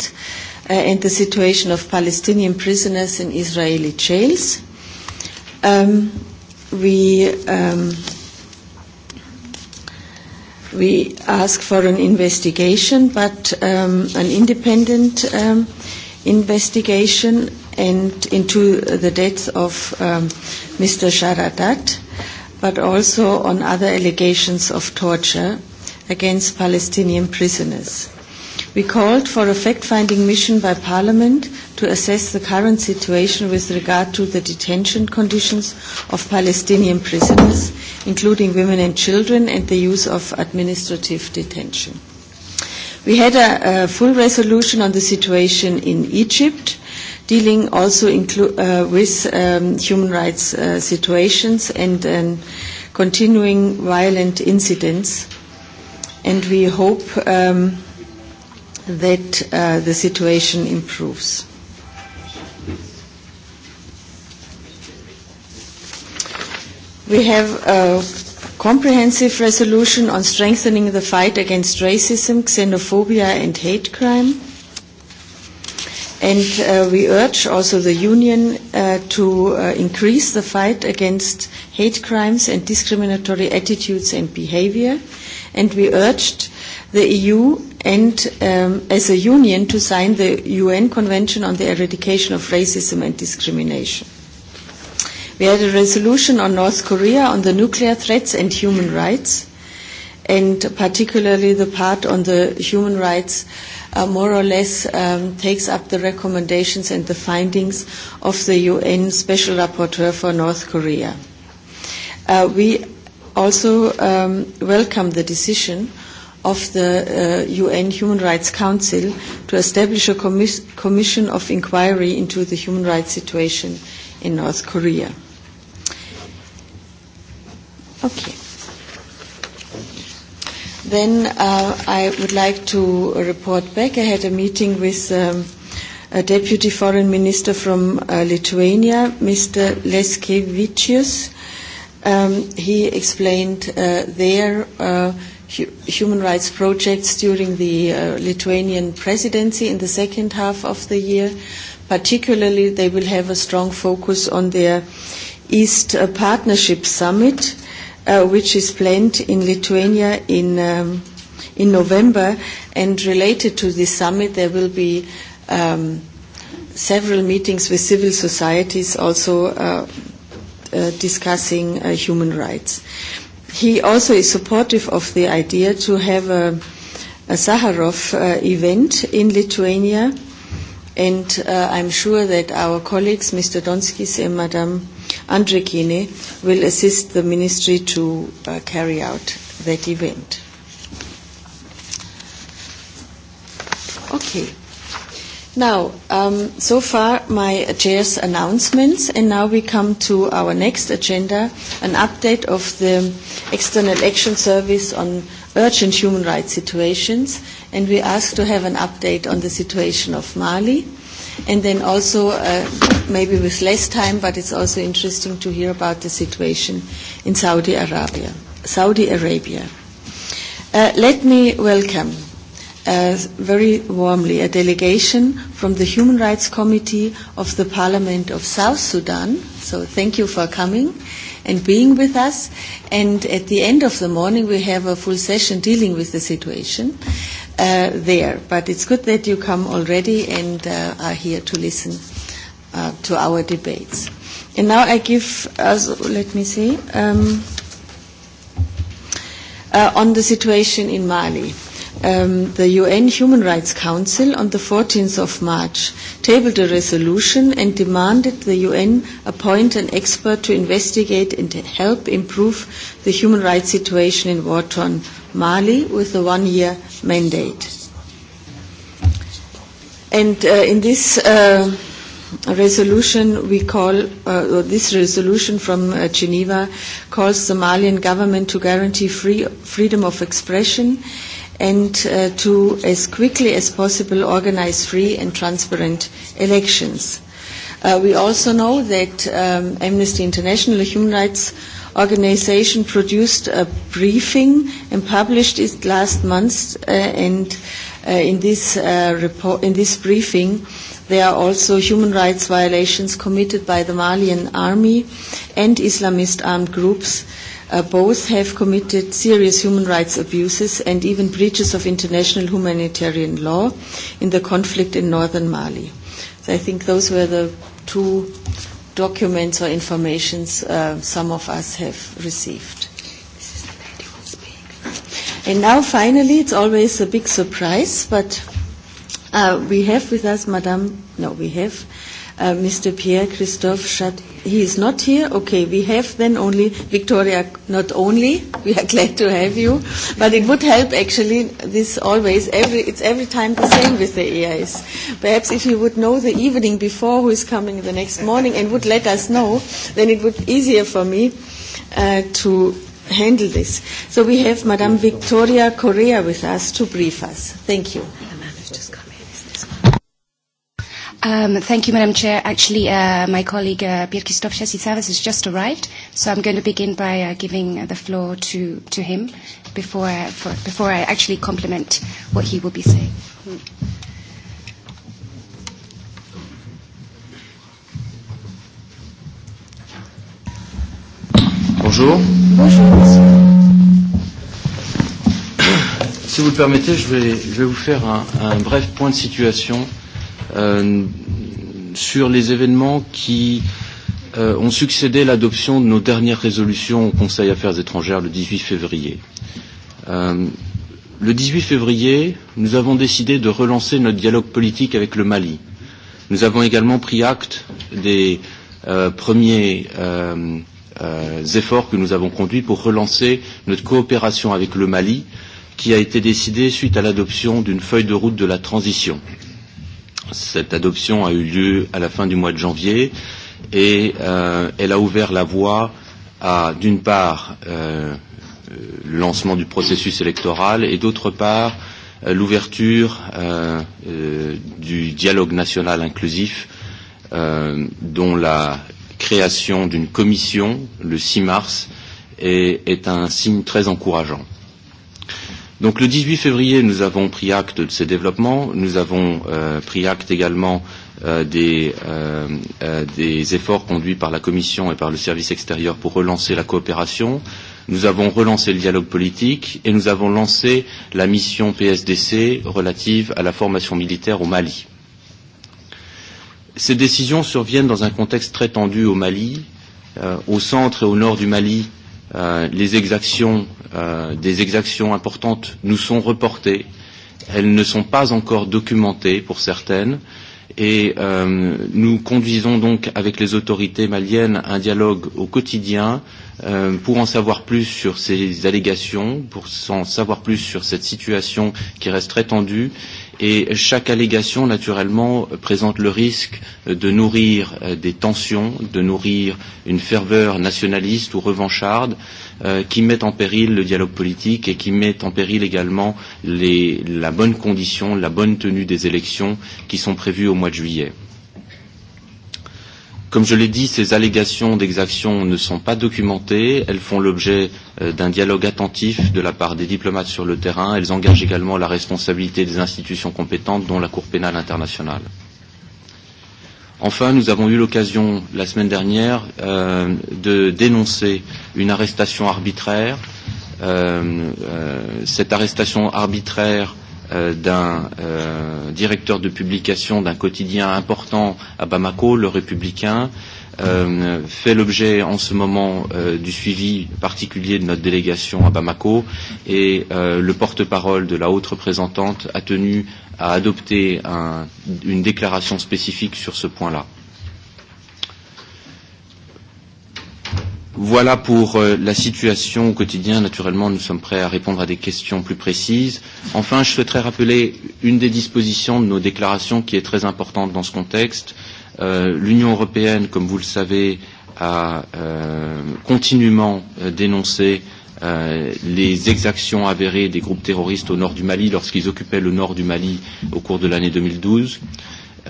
uh, and the situation of Palestinian prisoners in Israeli jails. Um, we um, we ask for an investigation, but um, an independent um, investigation and into the death of um, Mr. Sharadat, but also on other allegations of torture against Palestinian prisoners. We called for a fact-finding mission by Parliament to assess the current situation with regard to the detention conditions of Palestinian prisoners, including women and children, and the use of administrative detention. We had a, a full resolution on the situation in Egypt, dealing also uh, with um, human rights uh, situations and um, continuing violent incidents. And we hope... Um, that uh, the situation improves. We have a comprehensive resolution on strengthening the fight against racism, xenophobia and hate crime. And uh, we urge also the Union uh, to uh, increase the fight against hate crimes and discriminatory attitudes and behavior. And we urged the EU and um, as a union to sign the UN Convention on the Eradication of Racism and Discrimination. We had a resolution on North Korea on the nuclear threats and human rights, and particularly the part on the human rights uh, more or less um, takes up the recommendations and the findings of the UN Special Rapporteur for North Korea. Uh, we also um, welcome the decision of the uh, UN Human Rights Council to establish a commis commission of inquiry into the human rights situation in North Korea. Okay. Then uh, I would like to report back. I had a meeting with um, a Deputy Foreign Minister from uh, Lithuania, Mr. Leskevicius. Um, he explained uh, there uh, human rights projects during the uh, Lithuanian presidency in the second half of the year. Particularly, they will have a strong focus on their East uh, Partnership Summit, uh, which is planned in Lithuania in, um, in November. And related to this summit, there will be um, several meetings with civil societies also uh, uh, discussing uh, human rights. Uh, he also is supportive of the idea to have a, a Sakharov uh, event in Lithuania. And uh, I'm sure that our colleagues, Mr. Donskis and Madame Andrekine, will assist the ministry to uh, carry out that event. Okay. Now, um, so far my chair's announcements, and now we come to our next agenda, an update of the External Action Service on urgent human rights situations, and we ask to have an update on the situation of Mali, and then also uh, maybe with less time, but it's also interesting to hear about the situation in Saudi Arabia. Saudi Arabia. Uh, let me welcome uh, very warmly a delegation from the Human Rights Committee of the Parliament of South Sudan. So thank you for coming and being with us. And at the end of the morning, we have a full session dealing with the situation uh, there. But it's good that you come already and uh, are here to listen uh, to our debates. And now I give, uh, let me see, um, uh, on the situation in Mali um, the UN Human Rights Council on the 14th of March tabled a resolution and demanded the UN appoint an expert to investigate and to help improve the human rights situation in war-torn Mali with a one-year mandate. And uh, in this uh, resolution we call, uh, or this resolution from uh, Geneva calls the Malian government to guarantee free, freedom of expression and uh, to, as quickly as possible, organize free and transparent elections. Uh, we also know that um, Amnesty International, a human rights organization, produced a briefing and published it last month. Uh, and uh, in, this, uh, report, in this briefing, there are also human rights violations committed by the Malian army and Islamist armed groups Uh, both have committed serious human rights abuses and even breaches of international humanitarian law in the conflict in northern Mali. So I think those were the two documents or informations uh, some of us have received. And now finally, it's always a big surprise, but uh, we have with us Madame, no, we have uh, Mr. Pierre Christophe Chat. He is not here? Okay, we have then only, Victoria, not only, we are glad to have you, but it would help actually, this always, every, it's every time the same with the EIS. Perhaps if you would know the evening before who is coming the next morning and would let us know, then it would be easier for me uh, to handle this. So we have Madame Victoria Correa with us to brief us. Thank you. Um, thank you, Madam Chair. Actually, uh, my colleague uh, Pierre Christophe chassis Stopshesitsavas has just arrived, so I'm going to begin by uh, giving uh, the floor to, to him before, uh, for, before I actually compliment what he will be saying. Mm. Bonjour. Bonjour. Si vous le permettez, je vais, je vais vous faire un, un bref point de situation Euh, sur les événements qui euh, ont succédé l'adoption de nos dernières résolutions au Conseil Affaires étrangères le 18 février. Euh, le 18 février, nous avons décidé de relancer notre dialogue politique avec le Mali. Nous avons également pris acte des euh, premiers euh, euh, efforts que nous avons conduits pour relancer notre coopération avec le Mali, qui a été décidée suite à l'adoption d'une feuille de route de la transition. Euh, Cette adoption a eu lieu à la fin du mois de janvier et euh, elle a ouvert la voie à, d'une part, euh, le lancement du processus électoral et, d'autre part, euh, l'ouverture euh, euh, du dialogue national inclusif euh, dont la création d'une commission le 6 mars est, est un signe très encourageant. Donc le 18 février, nous avons pris acte de ces développements. Nous avons euh, pris acte également euh, des, euh, euh, des efforts conduits par la Commission et par le service extérieur pour relancer la coopération. Nous avons relancé le dialogue politique et nous avons lancé la mission PSDC relative à la formation militaire au Mali. Ces décisions surviennent dans un contexte très tendu au Mali. Euh, au centre et au nord du Mali, Euh, les exactions, euh, des exactions importantes nous sont reportées. Elles ne sont pas encore documentées pour certaines. Et euh, nous conduisons donc avec les autorités maliennes un dialogue au quotidien euh, pour en savoir plus sur ces allégations, pour en savoir plus sur cette situation qui reste très tendue Et chaque allégation, naturellement, présente le risque de nourrir euh, des tensions, de nourrir une ferveur nationaliste ou revancharde euh, qui met en péril le dialogue politique et qui met en péril également les, la bonne condition, la bonne tenue des élections qui sont prévues au mois de juillet. Comme je l'ai dit, ces allégations d'exaction ne sont pas documentées. Elles font l'objet euh, d'un dialogue attentif de la part des diplomates sur le terrain. Elles engagent également la responsabilité des institutions compétentes, dont la Cour pénale internationale. Enfin, nous avons eu l'occasion la semaine dernière euh, de dénoncer une arrestation arbitraire. Euh, euh, cette arrestation arbitraire Euh, d'un euh, directeur de publication d'un quotidien important à Bamako, Le Républicain, euh, fait l'objet en ce moment euh, du suivi particulier de notre délégation à Bamako et euh, le porte-parole de la haute représentante a tenu à adopter un, une déclaration spécifique sur ce point-là. Voilà pour euh, la situation au quotidien. Naturellement, nous sommes prêts à répondre à des questions plus précises. Enfin, je souhaiterais rappeler une des dispositions de nos déclarations qui est très importante dans ce contexte. Euh, L'Union européenne, comme vous le savez, a euh, continuellement euh, dénoncé euh, les exactions avérées des groupes terroristes au nord du Mali lorsqu'ils occupaient le nord du Mali au cours de l'année 2012.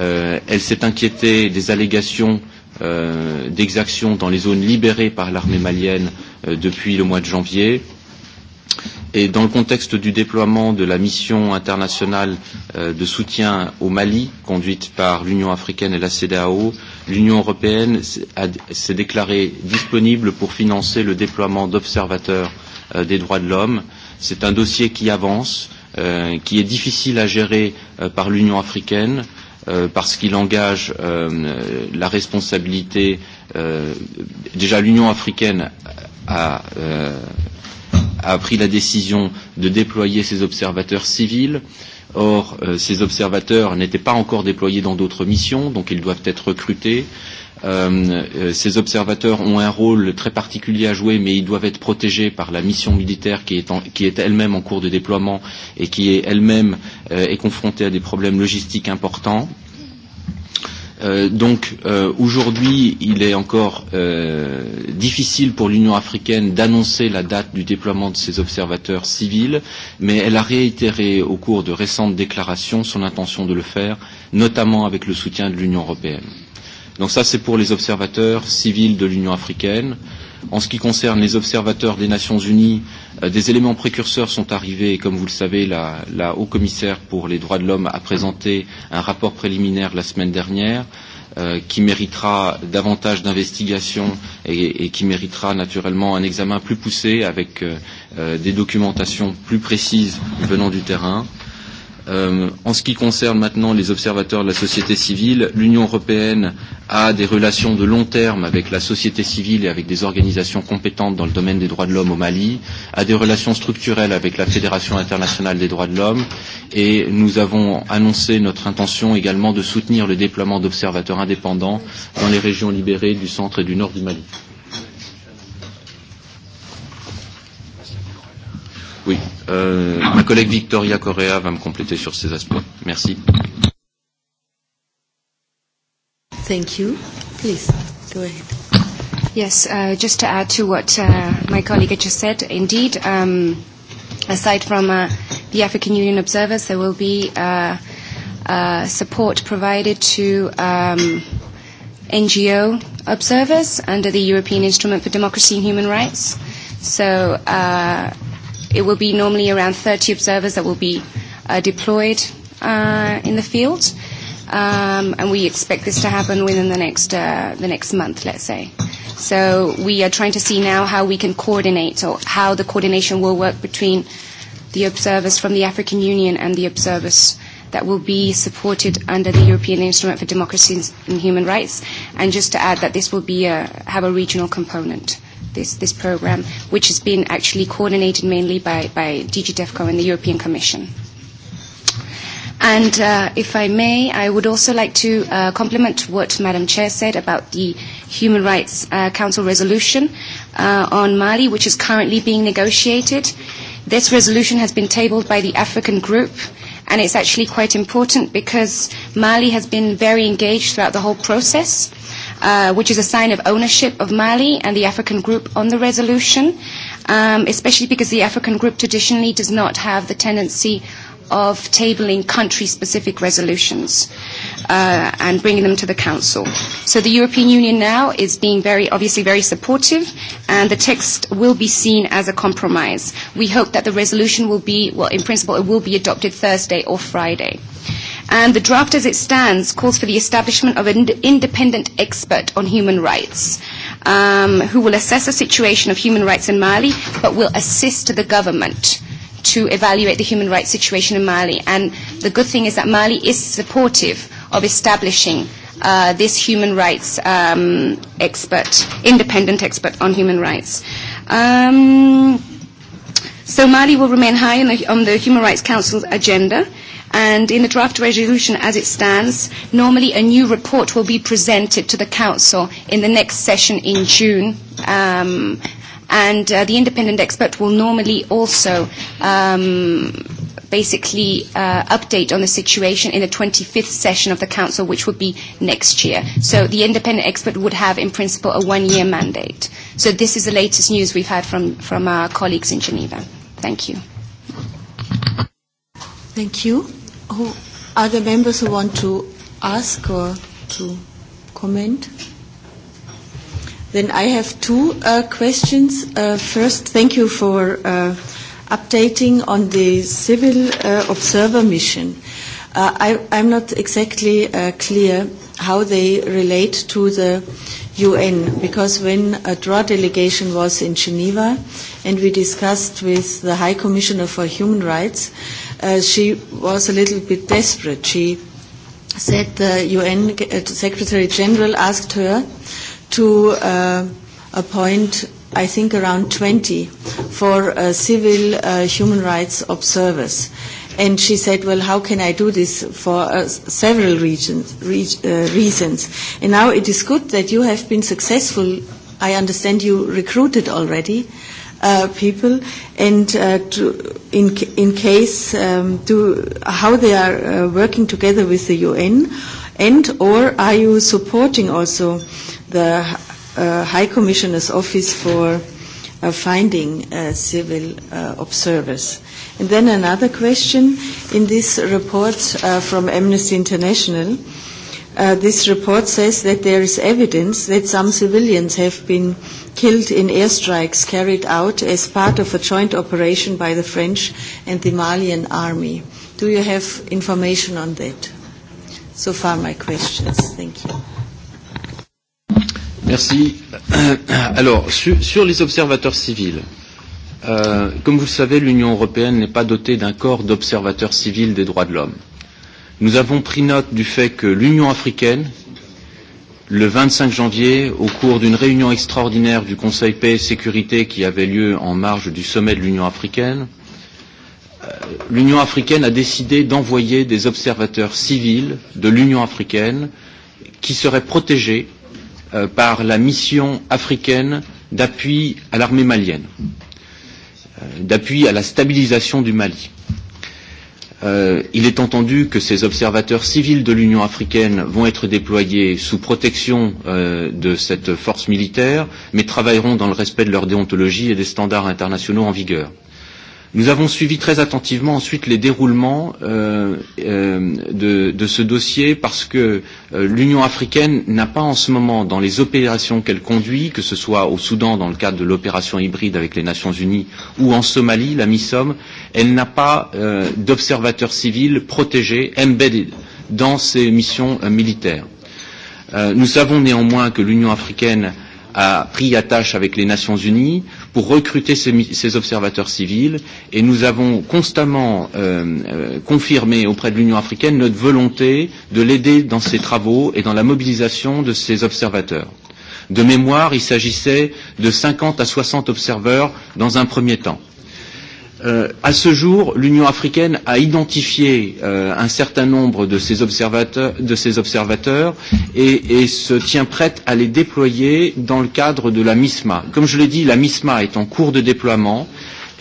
Euh, elle s'est inquiétée des allégations euh, euh, d'exactions dans les zones libérées par l'armée malienne euh, depuis le mois de janvier. Et dans le contexte du déploiement de la mission internationale euh, de soutien au Mali, conduite par l'Union africaine et la CDAO, l'Union européenne s'est déclarée disponible pour financer le déploiement d'observateurs euh, des droits de l'homme. C'est un dossier qui avance, euh, qui est difficile à gérer euh, par l'Union africaine, euh, Euh, parce qu'il engage euh, la responsabilité euh, déjà l'Union africaine a, euh, a pris la décision de déployer ses observateurs civils. Or, euh, ces observateurs n'étaient pas encore déployés dans d'autres missions, donc ils doivent être recrutés. Euh, Euh, euh, ces observateurs ont un rôle très particulier à jouer, mais ils doivent être protégés par la mission militaire qui est, qui est elle-même en cours de déploiement et qui est elle-même euh, est confrontée à des problèmes logistiques importants. Euh, donc euh, aujourd'hui, il est encore euh, difficile pour l'Union africaine d'annoncer la date du déploiement de ses observateurs civils, mais elle a réitéré au cours de récentes déclarations son intention de le faire, notamment avec le soutien de l'Union européenne. Donc ça, c'est pour les observateurs civils de l'Union africaine. En ce qui concerne les observateurs des Nations Unies, euh, des éléments précurseurs sont arrivés et comme vous le savez, la, la haut commissaire pour les droits de l'homme a présenté un rapport préliminaire la semaine dernière euh, qui méritera davantage d'investigation et, et qui méritera naturellement un examen plus poussé avec euh, euh des documentations plus précises venant du terrain. Euh, Euh, en ce qui concerne maintenant les observateurs de la société civile, l'Union européenne a des relations de long terme avec la société civile et avec des organisations compétentes dans le domaine des droits de l'homme au Mali, a des relations structurelles avec la Fédération internationale des droits de l'homme et nous avons annoncé notre intention également de soutenir le déploiement d'observateurs indépendants dans les régions libérées du centre et du nord du Mali. Oui, euh, ma collègue Victoria Correa va me compléter sur ces aspects. Merci. Thank you. Please, go ahead. Yes, uh, just to add to what uh, my colleague just said, indeed, um, aside from uh, the African Union observers, there will be uh, uh, support provided to um, NGO observers under the European Instrument for Democracy and Human Rights. So uh, It will be normally around 30 observers that will be uh, deployed uh, in the field. Um, and we expect this to happen within the next, uh, the next month, let's say. So we are trying to see now how we can coordinate or how the coordination will work between the observers from the African Union and the observers that will be supported under the European Instrument for Democracy and Human Rights. And just to add that this will be a, have a regional component this, this program, which has been actually coordinated mainly by, by DG DEFCO and the European Commission. And uh, if I may, I would also like to uh, compliment what Madam Chair said about the Human Rights uh, Council resolution uh, on Mali, which is currently being negotiated. This resolution has been tabled by the African Group, and it's actually quite important because Mali has been very engaged throughout the whole process. Uh, which is a sign of ownership of Mali and the African group on the resolution, um, especially because the African group traditionally does not have the tendency of tabling country-specific resolutions uh, and bringing them to the Council. So the European Union now is being very, obviously very supportive, and the text will be seen as a compromise. We hope that the resolution will be, well, in principle, it will be adopted Thursday or Friday. Uh, And the draft as it stands calls for the establishment of an independent expert on human rights um, who will assess the situation of human rights in Mali but will assist the government to evaluate the human rights situation in Mali. And the good thing is that Mali is supportive of establishing uh, this human rights um, expert, independent expert on human rights. Um, so Mali will remain high on the, on the Human Rights Council's agenda and in the draft resolution as it stands, normally a new report will be presented to the Council in the next session in June. Um, and uh, the independent expert will normally also um, basically uh, update on the situation in the 25th session of the Council, which would be next year. So the independent expert would have, in principle, a one-year mandate. So this is the latest news we've had from, from our colleagues in Geneva. Thank you. Thank you who are the members who want to ask or to comment? Then I have two uh, questions. Uh, first, thank you for uh, updating on the civil uh, observer mission. Uh, I, I'm not exactly uh, clear how they relate to the UN, because when a draw delegation was in Geneva and we discussed with the High Commissioner for Human Rights, uh, uh, she was a little bit desperate. She said the UN uh, Secretary General asked her to uh, appoint, I think, around 20 for uh, civil uh, human rights observers. And she said, well, how can I do this for uh, several regions, re uh, reasons? And now it is good that you have been successful. I understand you recruited already uh, people and uh, to, in, in case um, to how they are uh, working together with the UN and or are you supporting also the uh, High Commissioner's Office for uh, finding uh, civil uh, observers? And then another question in this report uh, from Amnesty International Uh, this report says that there is evidence that some civilians have been killed in airstrikes carried out as part of a joint operation by the French and the Malian army. Do you have information on that? So far my questions. Thank you. Merci. Alors, sur, sur les observateurs civils, euh, comme vous le savez, l'Union européenne n'est pas dotée d'un corps d'observateurs civils des droits de l'homme. Nous avons pris note du fait que l'Union africaine, le 25 janvier, au cours d'une réunion extraordinaire du Conseil paix et sécurité qui avait lieu en marge du sommet de l'Union africaine, euh, l'Union africaine a décidé d'envoyer des observateurs civils de l'Union africaine qui seraient protégés euh, par la mission africaine d'appui à l'armée malienne, euh, d'appui à la stabilisation du Mali. Euh, il est entendu que ces observateurs civils de l'Union africaine vont être déployés sous protection euh, de cette force militaire, mais travailleront dans le respect de leur déontologie et des standards internationaux en vigueur. Nous avons suivi très attentivement ensuite les déroulements euh, euh, de, de ce dossier parce que euh, l'Union africaine n'a pas en ce moment, dans les opérations qu'elle conduit, que ce soit au Soudan dans le cadre de l'opération hybride avec les Nations Unies ou en Somalie, la MISOM, elle n'a pas euh, d'observateurs civils protégés, embedded, dans ses missions euh, militaires. Euh, nous savons néanmoins que l'Union africaine a pris attache avec les Nations Unies pour recruter ces, ces observateurs civils et nous avons constamment euh, euh, confirmé auprès de l'Union africaine notre volonté de l'aider dans ses travaux et dans la mobilisation de ces observateurs. De mémoire, il s'agissait de 50 à 60 observeurs dans un premier temps. Euh, à ce jour, l'Union africaine a identifié euh, un certain nombre de ses observateurs, de observateurs et, et se tient prête à les déployer dans le cadre de la MISMA. Comme je l'ai dit, la MISMA est en cours de déploiement.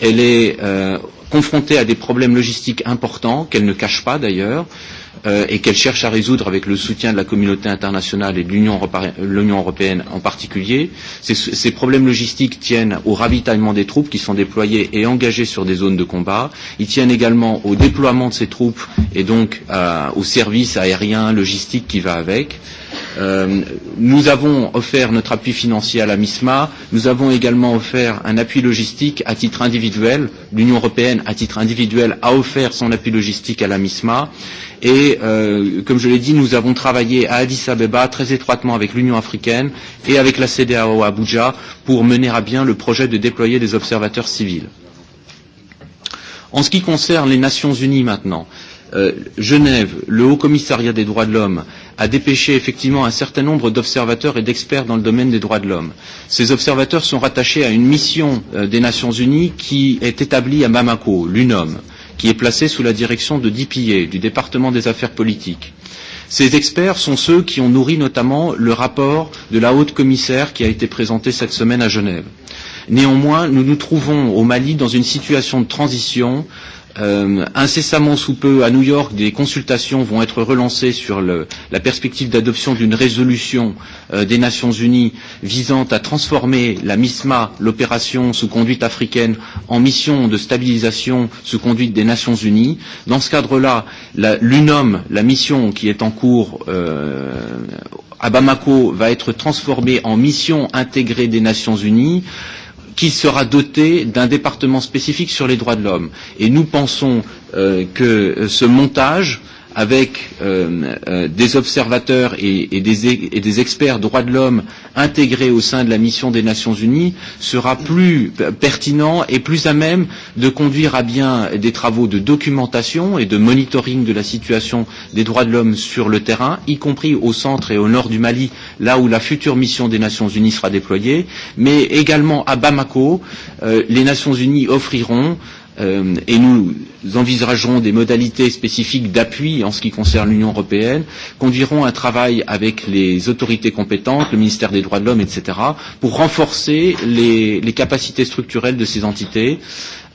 Elle est euh, confrontée à des problèmes logistiques importants qu'elle ne cache pas d'ailleurs. Euh, euh, et qu'elle cherche à résoudre avec le soutien de la communauté internationale et de l'Union européenne, euh, européenne en particulier. Ces, ces problèmes logistiques tiennent au ravitaillement des troupes qui sont déployées et engagées sur des zones de combat. Ils tiennent également au déploiement de ces troupes et donc euh, au service aérien, logistique qui va avec. Euh, Euh, nous avons offert notre appui financier à la MISMA, nous avons également offert un appui logistique à titre individuel. L'Union européenne, à titre individuel, a offert son appui logistique à la MISMA. Et euh, comme je l'ai dit, nous avons travaillé à Addis Abeba très étroitement avec l'Union africaine et avec la CDAO à Abuja pour mener à bien le projet de déployer des observateurs civils. En ce qui concerne les Nations Unies maintenant, euh, Genève, le Haut Commissariat des droits de l'homme a dépêché effectivement un certain nombre d'observateurs et d'experts dans le domaine des droits de l'homme. Ces observateurs sont rattachés à une mission euh, des Nations Unies qui est établie à Mamako, l'UNOM, qui est placée sous la direction de DPA, du département des affaires politiques. Ces experts sont ceux qui ont nourri notamment le rapport de la haute commissaire qui a été présenté cette semaine à Genève. Néanmoins, nous nous trouvons au Mali dans une situation de transition Euh, incessamment sous peu, à New York, des consultations vont être relancées sur le, la perspective d'adoption d'une résolution euh, des Nations Unies visant à transformer la MISMA, l'opération sous conduite africaine, en mission de stabilisation sous conduite des Nations Unies. Dans ce cadre-là, l'UNOM, la, la mission qui est en cours euh, à Bamako, va être transformée en mission intégrée des Nations Unies qui sera doté d'un département spécifique sur les droits de l'homme. Et nous pensons euh, que euh, ce montage avec euh, euh, des observateurs et, et, des, et des experts droits de l'homme intégrés au sein de la mission des Nations Unies sera plus pertinent et plus à même de conduire à bien des travaux de documentation et de monitoring de la situation des droits de l'homme sur le terrain, y compris au centre et au nord du Mali, là où la future mission des Nations Unies sera déployée, mais également à Bamako, euh, les Nations Unies offriront Euh, et nous envisagerons des modalités spécifiques d'appui en ce qui concerne l'Union européenne, conduirons un travail avec les autorités compétentes, le ministère des droits de l'homme, etc., pour renforcer les, les capacités structurelles de ces entités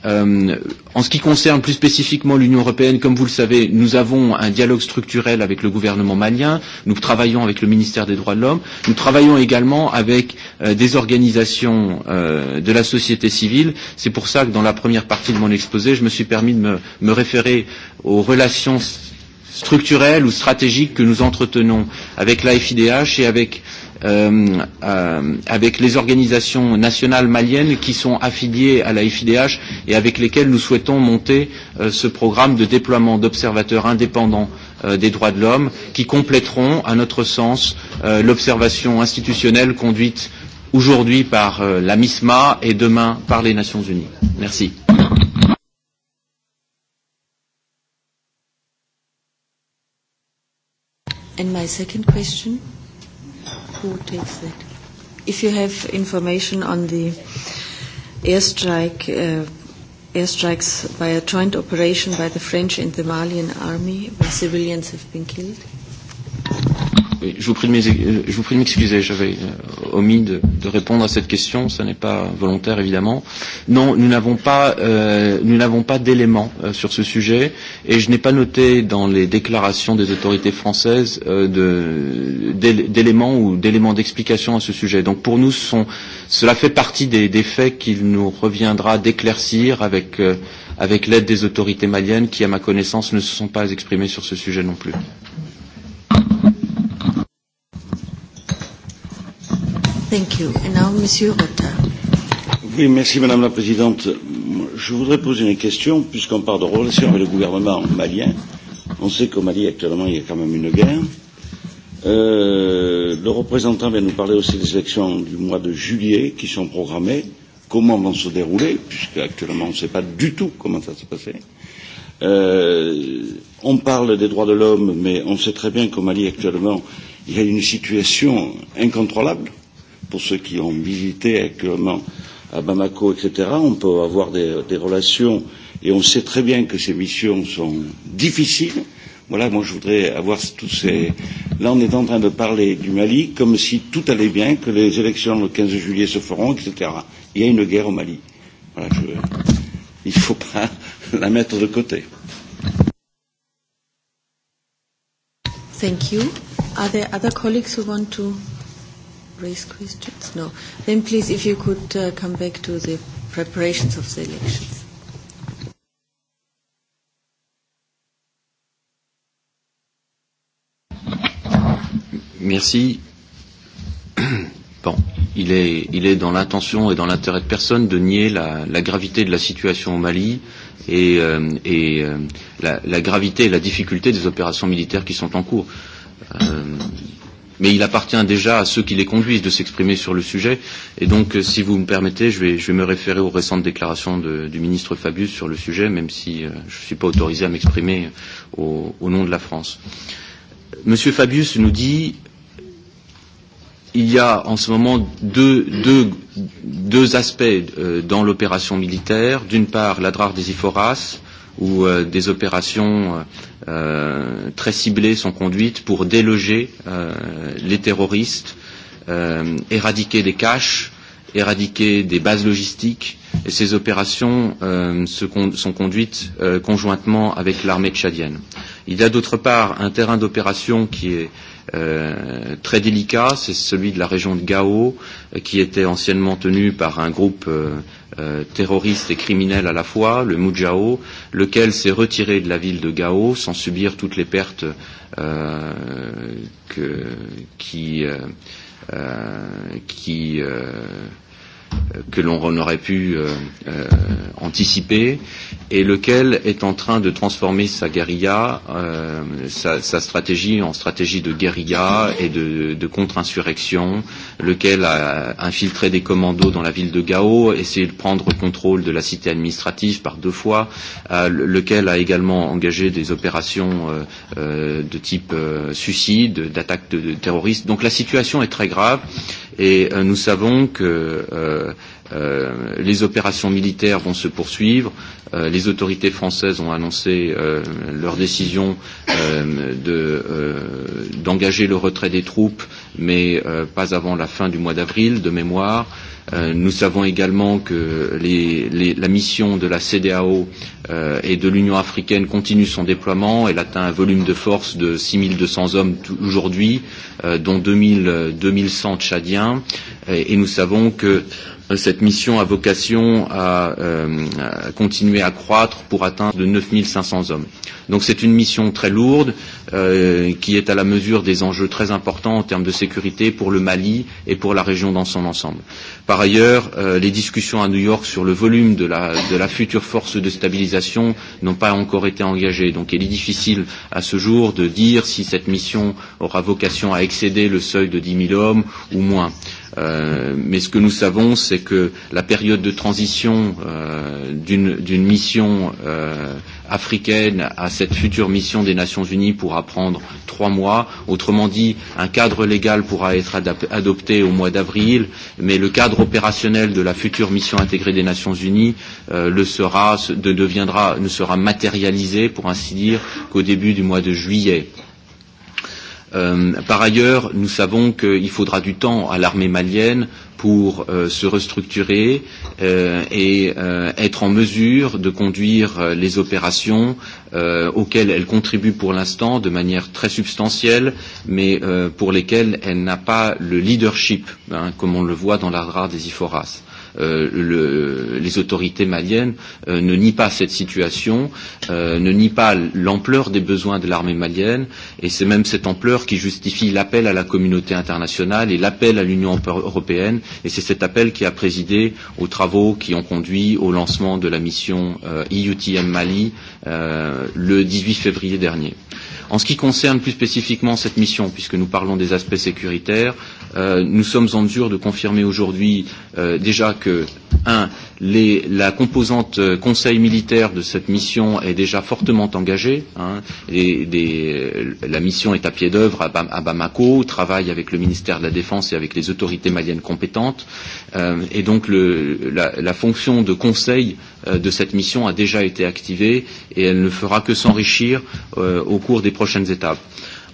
Euh, en ce qui concerne plus spécifiquement l'Union européenne, comme vous le savez, nous avons un dialogue structurel avec le gouvernement malien, nous travaillons avec le ministère des droits de l'homme, nous travaillons également avec euh, des organisations euh, de la société civile. C'est pour ça que dans la première partie de mon exposé, je me suis permis de me, me référer aux relations structurelles ou stratégiques que nous entretenons avec l'AFIDH et avec Euh, euh, avec les organisations nationales maliennes qui sont affiliées à la FIDH et avec lesquelles nous souhaitons monter euh, ce programme de déploiement d'observateurs indépendants euh, des droits de l'homme qui compléteront, à notre sens, euh, l'observation institutionnelle conduite aujourd'hui par euh, la MISMA et demain par les Nations Unies. Merci. And my second question? Who takes that? If you have information on the airstrike, uh, airstrikes by a joint operation by the French and the Malian army, where civilians have been killed? Oui, euh, je vous prie de m'excuser, j'avais euh, omis de, de répondre à cette question, ce n'est pas volontaire évidemment. Non, nous n'avons pas, euh, nous pas d'éléments euh, sur ce sujet et je n'ai pas noté dans les déclarations des autorités françaises euh, d'éléments de, ou d'éléments d'explication à ce sujet. Donc pour nous, sont, cela fait partie des, des faits qu'il nous reviendra d'éclaircir avec, euh, avec l'aide des autorités maliennes qui, à ma connaissance, ne se sont pas exprimées sur ce sujet non plus. Thank you. And now, Monsieur Rota. Oui, merci Madame la Présidente. Je voudrais poser une question, puisqu'on parle de relations avec le gouvernement malien. On sait qu'au Mali, actuellement, il y a quand même une guerre. Euh, le représentant vient nous parler aussi des élections du mois de juillet qui sont programmées. Comment vont se dérouler, puisqu'actuellement on ne sait pas du tout comment ça se passer. Euh, on parle des droits de l'homme, mais on sait très bien qu'au Mali, actuellement, il y a une situation incontrôlable pour ceux qui ont visité actuellement euh, à Bamako, etc., on peut avoir des, des relations et on sait très bien que ces missions sont difficiles. Voilà, moi je voudrais avoir tous ces... Là on est en train de parler du Mali comme si tout allait bien, que les élections le 15 juillet se feront, etc. Il y a une guerre au Mali. Voilà, je... Il ne faut pas la mettre de côté. Thank you. Are there other colleagues who want to raise questions? No. Then please, if you could uh, come back to the preparations of the elections. Merci. Bon, il est, il est dans l'intention et dans l'intérêt de personne de nier la, la gravité de la situation au Mali et, euh, et euh, la, la gravité et la difficulté des opérations militaires qui sont en cours. Euh, mais il appartient déjà à ceux qui les conduisent de s'exprimer sur le sujet. Et donc, euh, si vous me permettez, je vais, je vais me référer aux récentes déclarations de, du ministre Fabius sur le sujet, même si euh, je ne suis pas autorisé à m'exprimer au, au nom de la France. Monsieur Fabius nous dit il y a en ce moment deux, deux, deux aspects euh, dans l'opération militaire. D'une part, l'adrar des Iphoras, où euh, des opérations euh, euh, très ciblées sont conduites pour déloger euh, les terroristes, euh, éradiquer des caches, éradiquer des bases logistiques. Et ces opérations euh, se con sont conduites euh, conjointement avec l'armée tchadienne. Il y a d'autre part un terrain d'opération qui est euh, très délicat, c'est celui de la région de Gao, euh, qui était anciennement tenu par un groupe euh, euh, terroristes et criminels à la fois, le Mujao, lequel s'est retiré de la ville de Gao sans subir toutes les pertes euh, que, qui, euh, euh qui euh, que l'on aurait pu euh, euh, anticiper et lequel est en train de transformer sa guérilla, euh, sa, sa stratégie en stratégie de guérilla et de, de contre-insurrection, lequel a infiltré des commandos dans la ville de Gao, essayé de prendre contrôle de la cité administrative par deux fois, euh, lequel a également engagé des opérations euh, euh, de type euh, suicide, d'attaque de, de terroristes. Donc la situation est très grave Et euh, nous savons que euh, Euh, les opérations militaires vont se poursuivre. Euh, les autorités françaises ont annoncé euh, leur décision euh, d'engager de, euh, le retrait des troupes, mais euh, pas avant la fin du mois d'avril, de mémoire. Euh, nous savons également que les, les, la mission de la CDAO euh, et de l'Union africaine continue son déploiement. Elle atteint un volume de force de 6200 hommes aujourd'hui, euh, dont 2000, 2100 tchadiens. Et, et nous savons que Cette mission a vocation à, euh, à continuer à croître pour atteindre de 9500 hommes. Donc c'est une mission très lourde euh, qui est à la mesure des enjeux très importants en termes de sécurité pour le Mali et pour la région dans son ensemble. Par ailleurs, euh, les discussions à New York sur le volume de la, de la future force de stabilisation n'ont pas encore été engagées. Donc il est difficile à ce jour de dire si cette mission aura vocation à excéder le seuil de 10 000 hommes ou moins. Euh, mais ce que nous savons, c'est que la période de transition euh, d'une mission euh, africaine à cette future mission des Nations Unies pourra prendre trois mois. Autrement dit, un cadre légal pourra être adopté au mois d'avril, mais le cadre opérationnel de la future mission intégrée des Nations Unies euh, le sera, deviendra, ne sera matérialisé, pour ainsi dire, qu'au début du mois de juillet. Euh, par ailleurs, nous savons qu'il faudra du temps à l'armée malienne pour euh, se restructurer euh, et euh, être en mesure de conduire euh, les opérations euh, auxquelles elle contribue pour l'instant de manière très substantielle, mais euh, pour lesquelles elle n'a pas le leadership, hein, comme on le voit dans rare des IFORAS euh, le, les autorités maliennes euh, ne nient pas cette situation, euh, ne nient pas l'ampleur des besoins de l'armée malienne, et c'est même cette ampleur qui justifie l'appel à la communauté internationale et l'appel à l'Union européenne, et c'est cet appel qui a présidé aux travaux qui ont conduit au lancement de la mission euh, EUTM Mali euh, le 18 février dernier. En ce qui concerne plus spécifiquement cette mission, puisque nous parlons des aspects sécuritaires, Euh, nous sommes en mesure de confirmer aujourd'hui euh, déjà que, un, les, la composante euh, conseil militaire de cette mission est déjà fortement engagée. Hein, et des, la mission est à pied d'œuvre à, Bam, à Bamako, travaille avec le ministère de la Défense et avec les autorités maliennes compétentes. Euh, et donc le, la, la fonction de conseil euh, de cette mission a déjà été activée et elle ne fera que s'enrichir euh, au cours des prochaines étapes.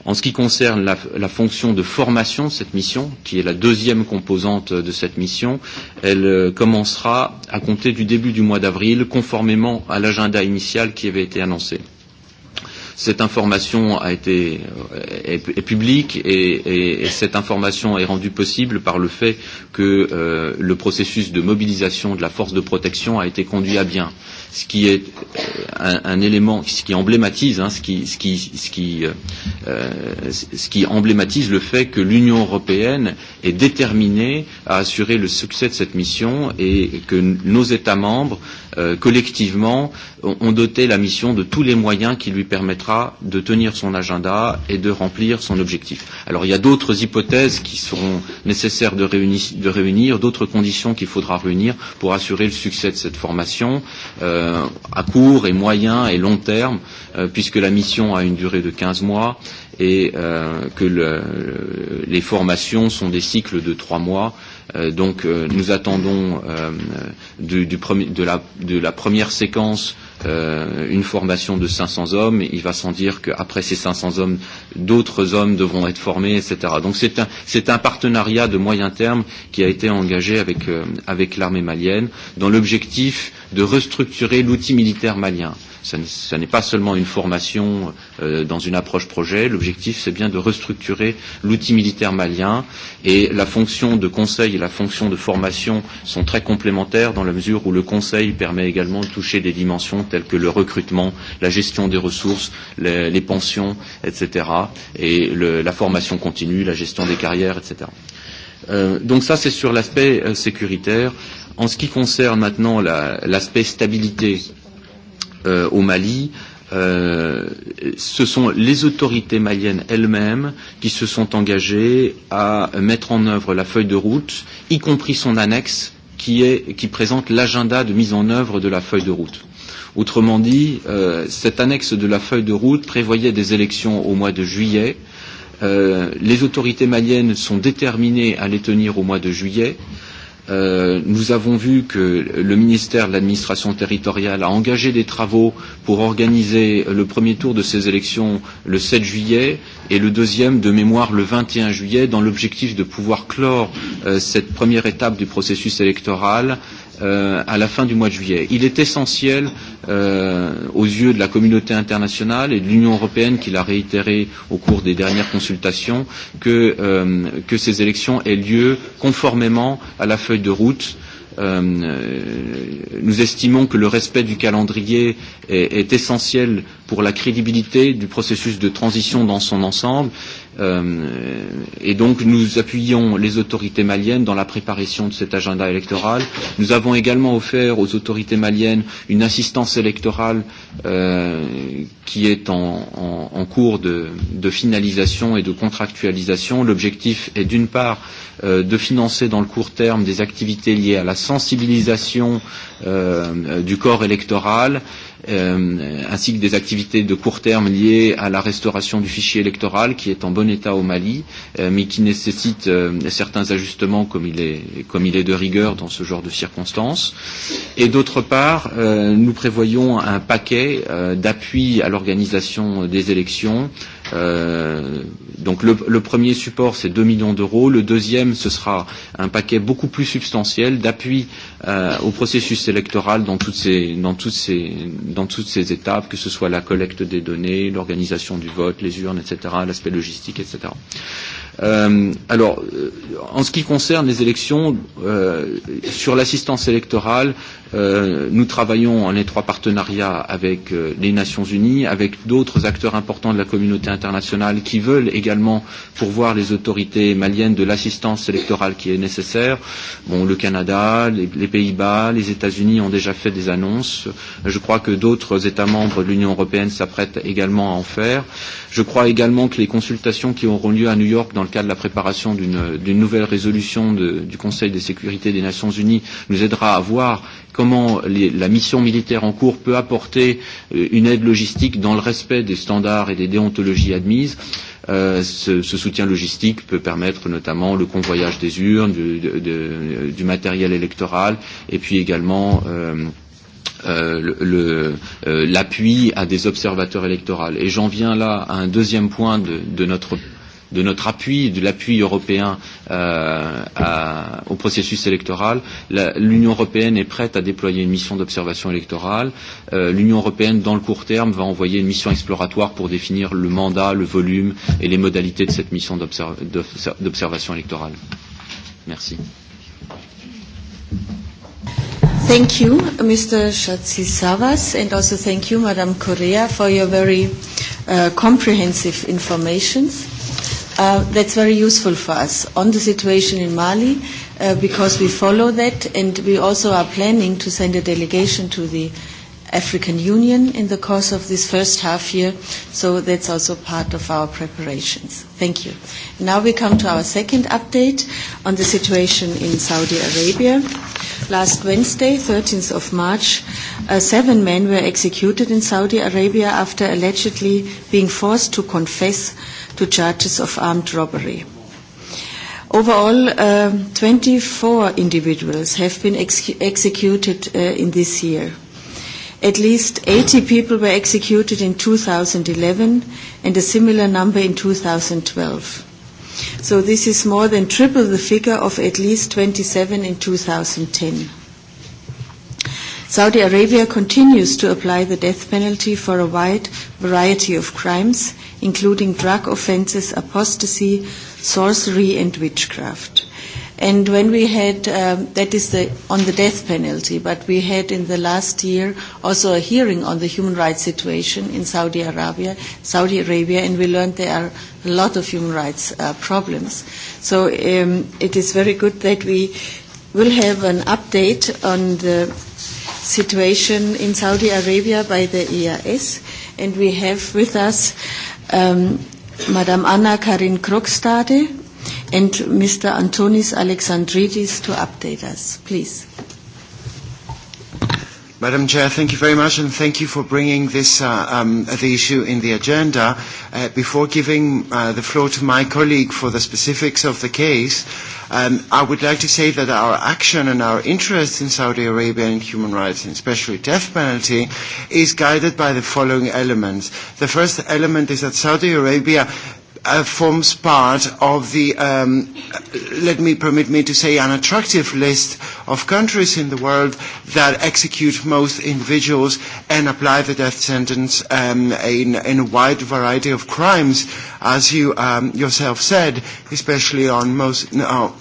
En ce qui concerne la, la fonction de formation de cette mission, qui est la deuxième composante de cette mission, elle euh, commencera à compter du début du mois d'avril, conformément à l'agenda initial qui avait été annoncé. Cette information a été, euh, est, est publique et, et, et cette information est rendue possible par le fait que euh, le processus de mobilisation de la force de protection a été conduit à bien ce qui est euh, un, un élément, ce qui emblématise, hein, ce, qui, ce, qui, ce, qui, euh, euh, ce qui emblématise le fait que l'Union européenne est déterminée à assurer le succès de cette mission et que nos États membres, euh, collectivement, ont doté la mission de tous les moyens qui lui permettra de tenir son agenda et de remplir son objectif. Alors il y a d'autres hypothèses qui seront nécessaires de réunir, de réunir d'autres conditions qu'il faudra réunir pour assurer le succès de cette formation. Euh, euh, à court et moyen et long terme, euh, puisque la mission a une durée de 15 mois et euh, que le, les formations sont des cycles de trois mois. Euh, donc euh, nous attendons euh, du, du premier, de, la, de la première séquence euh, une formation de 500 hommes, il va sans dire qu'après ces 500 hommes, d'autres hommes devront être formés, etc. Donc c'est un, un partenariat de moyen terme qui a été engagé avec, euh, avec l'armée malienne dans l'objectif de restructurer l'outil militaire malien. Euh, Ce n'est pas seulement une formation euh, dans une approche projet. L'objectif, c'est bien de restructurer l'outil militaire malien. Et la fonction de conseil et la fonction de formation sont très complémentaires dans la mesure où le conseil permet également de toucher des dimensions telles que le recrutement, la gestion des ressources, les, les pensions, etc. Et le, la formation continue, la gestion des carrières, etc. Euh, donc ça, c'est sur l'aspect euh, sécuritaire. En ce qui concerne maintenant l'aspect la, stabilité, euh, au Mali, euh, ce sont les autorités maliennes elles-mêmes qui se sont engagées à mettre en œuvre la feuille de route, y compris son annexe qui, est, qui présente l'agenda de mise en œuvre de la feuille de route. Autrement dit, euh, cette annexe de la feuille de route prévoyait des élections au mois de juillet. Euh, les autorités maliennes sont déterminées à les tenir au mois de juillet. Euh, Euh, nous avons vu que le ministère de l'administration territoriale a engagé des travaux pour organiser le premier tour de ces élections le 7 juillet et le deuxième de mémoire le 21 juillet dans l'objectif de pouvoir clore euh, cette première étape du processus électoral euh, à la fin du mois de juillet. Il est essentiel euh, aux yeux de la communauté internationale et de l'Union européenne qui l'a réitéré au cours des dernières consultations que, euh, que ces élections aient lieu conformément à la feuille de route euh, Euh, nous estimons que le respect du calendrier est, est essentiel pour la crédibilité du processus de transition dans son ensemble Euh, et donc nous appuyons les autorités maliennes dans la préparation de cet agenda électoral. Nous avons également offert aux autorités maliennes une assistance électorale euh, qui est en, en, en cours de, de finalisation et de contractualisation. L'objectif est d'une part euh, de financer dans le court terme des activités liées à la sensibilisation euh, du corps électoral, euh, euh, ainsi que des activités de court terme liées à la restauration du fichier électoral qui est en bon état au Mali, euh, mais qui nécessite euh, certains ajustements comme il, est, comme il est de rigueur dans ce genre de circonstances. Et d'autre part, euh, nous prévoyons un paquet euh, d'appui à l'organisation des élections euh, Euh, donc le, le premier support, c'est 2 millions d'euros. Le deuxième, ce sera un paquet beaucoup plus substantiel d'appui euh, au processus électoral dans toutes, ces, dans, toutes ces, dans toutes ces étapes, que ce soit la collecte des données, l'organisation du vote, les urnes, etc., l'aspect logistique, etc. Euh, alors, euh, en ce qui concerne les élections, euh, sur l'assistance électorale, euh, nous travaillons en étroit partenariat avec euh, les Nations Unies, avec d'autres acteurs importants de la communauté internationale qui veulent également pourvoir les autorités maliennes de l'assistance électorale qui est nécessaire. Bon, le Canada, les, les Pays-Bas, les États-Unis ont déjà fait des annonces. Je crois que d'autres États membres de l'Union européenne s'apprêtent également à en faire. Je crois également que les consultations qui auront lieu à New York dans Dans le cadre de la préparation d'une nouvelle résolution de, du Conseil de sécurité des Nations Unies nous aidera à voir comment les, la mission militaire en cours peut apporter euh, une aide logistique dans le respect des standards et des déontologies admises. Euh, ce, ce soutien logistique peut permettre notamment le convoyage des urnes, du, de, de, du matériel électoral et puis également euh, euh, euh l'appui euh, à des observateurs électoraux. Et j'en viens là à un deuxième point de, de notre de notre appui, de l'appui européen euh, à, au processus électoral, l'Union européenne est prête à déployer une mission d'observation électorale. Euh, L'Union européenne, dans le court terme, va envoyer une mission exploratoire pour définir le mandat, le volume et les modalités de cette mission d'observation électorale. Merci. Thank you, Mr. Shatsi Savas, and also thank you, Madam Correa, for your very uh, comprehensive informations. Uh, that's very useful for us on the situation in Mali uh, because we follow that and we also are planning to send a delegation to the African Union in the course of this first half year, so that's also part of our preparations. Thank you. Now we come to our second update on the situation in Saudi Arabia. Last Wednesday, 13th of March, uh, seven men were executed in Saudi Arabia after allegedly being forced to confess to charges of armed robbery. Overall, uh, 24 individuals have been ex executed uh, in this year. At least 80 people were executed in 2011 and a similar number in 2012. So this is more than triple the figure of at least 27 in 2010. Saudi Arabia continues to apply the death penalty for a wide variety of crimes, including drug offenses, apostasy, sorcery, and witchcraft. And when we had, um, that is the, on the death penalty, but we had in the last year also a hearing on the human rights situation in Saudi Arabia, Saudi Arabia, and we learned there are a lot of human rights uh, problems. So um, it is very good that we will have an update on the situation in Saudi Arabia by the EAS And we have with us um, Madam Anna Karin Krokstade and Mr. Antonis Alexandridis to update us. Please. Madam Chair, thank you very much and thank you for bringing this uh, um, the issue in the agenda. Uh, before giving uh, the floor to my colleague for the specifics of the case, um, I would like to say that our action and our interest in Saudi Arabia and human rights, and especially death penalty, is guided by the following elements. The first element is that Saudi Arabia uh, forms part of the, um, let me permit me to say, an attractive list of countries in the world that execute most individuals and apply the death sentence um, in, in a wide variety of crimes, as you um, yourself said, especially on most, no,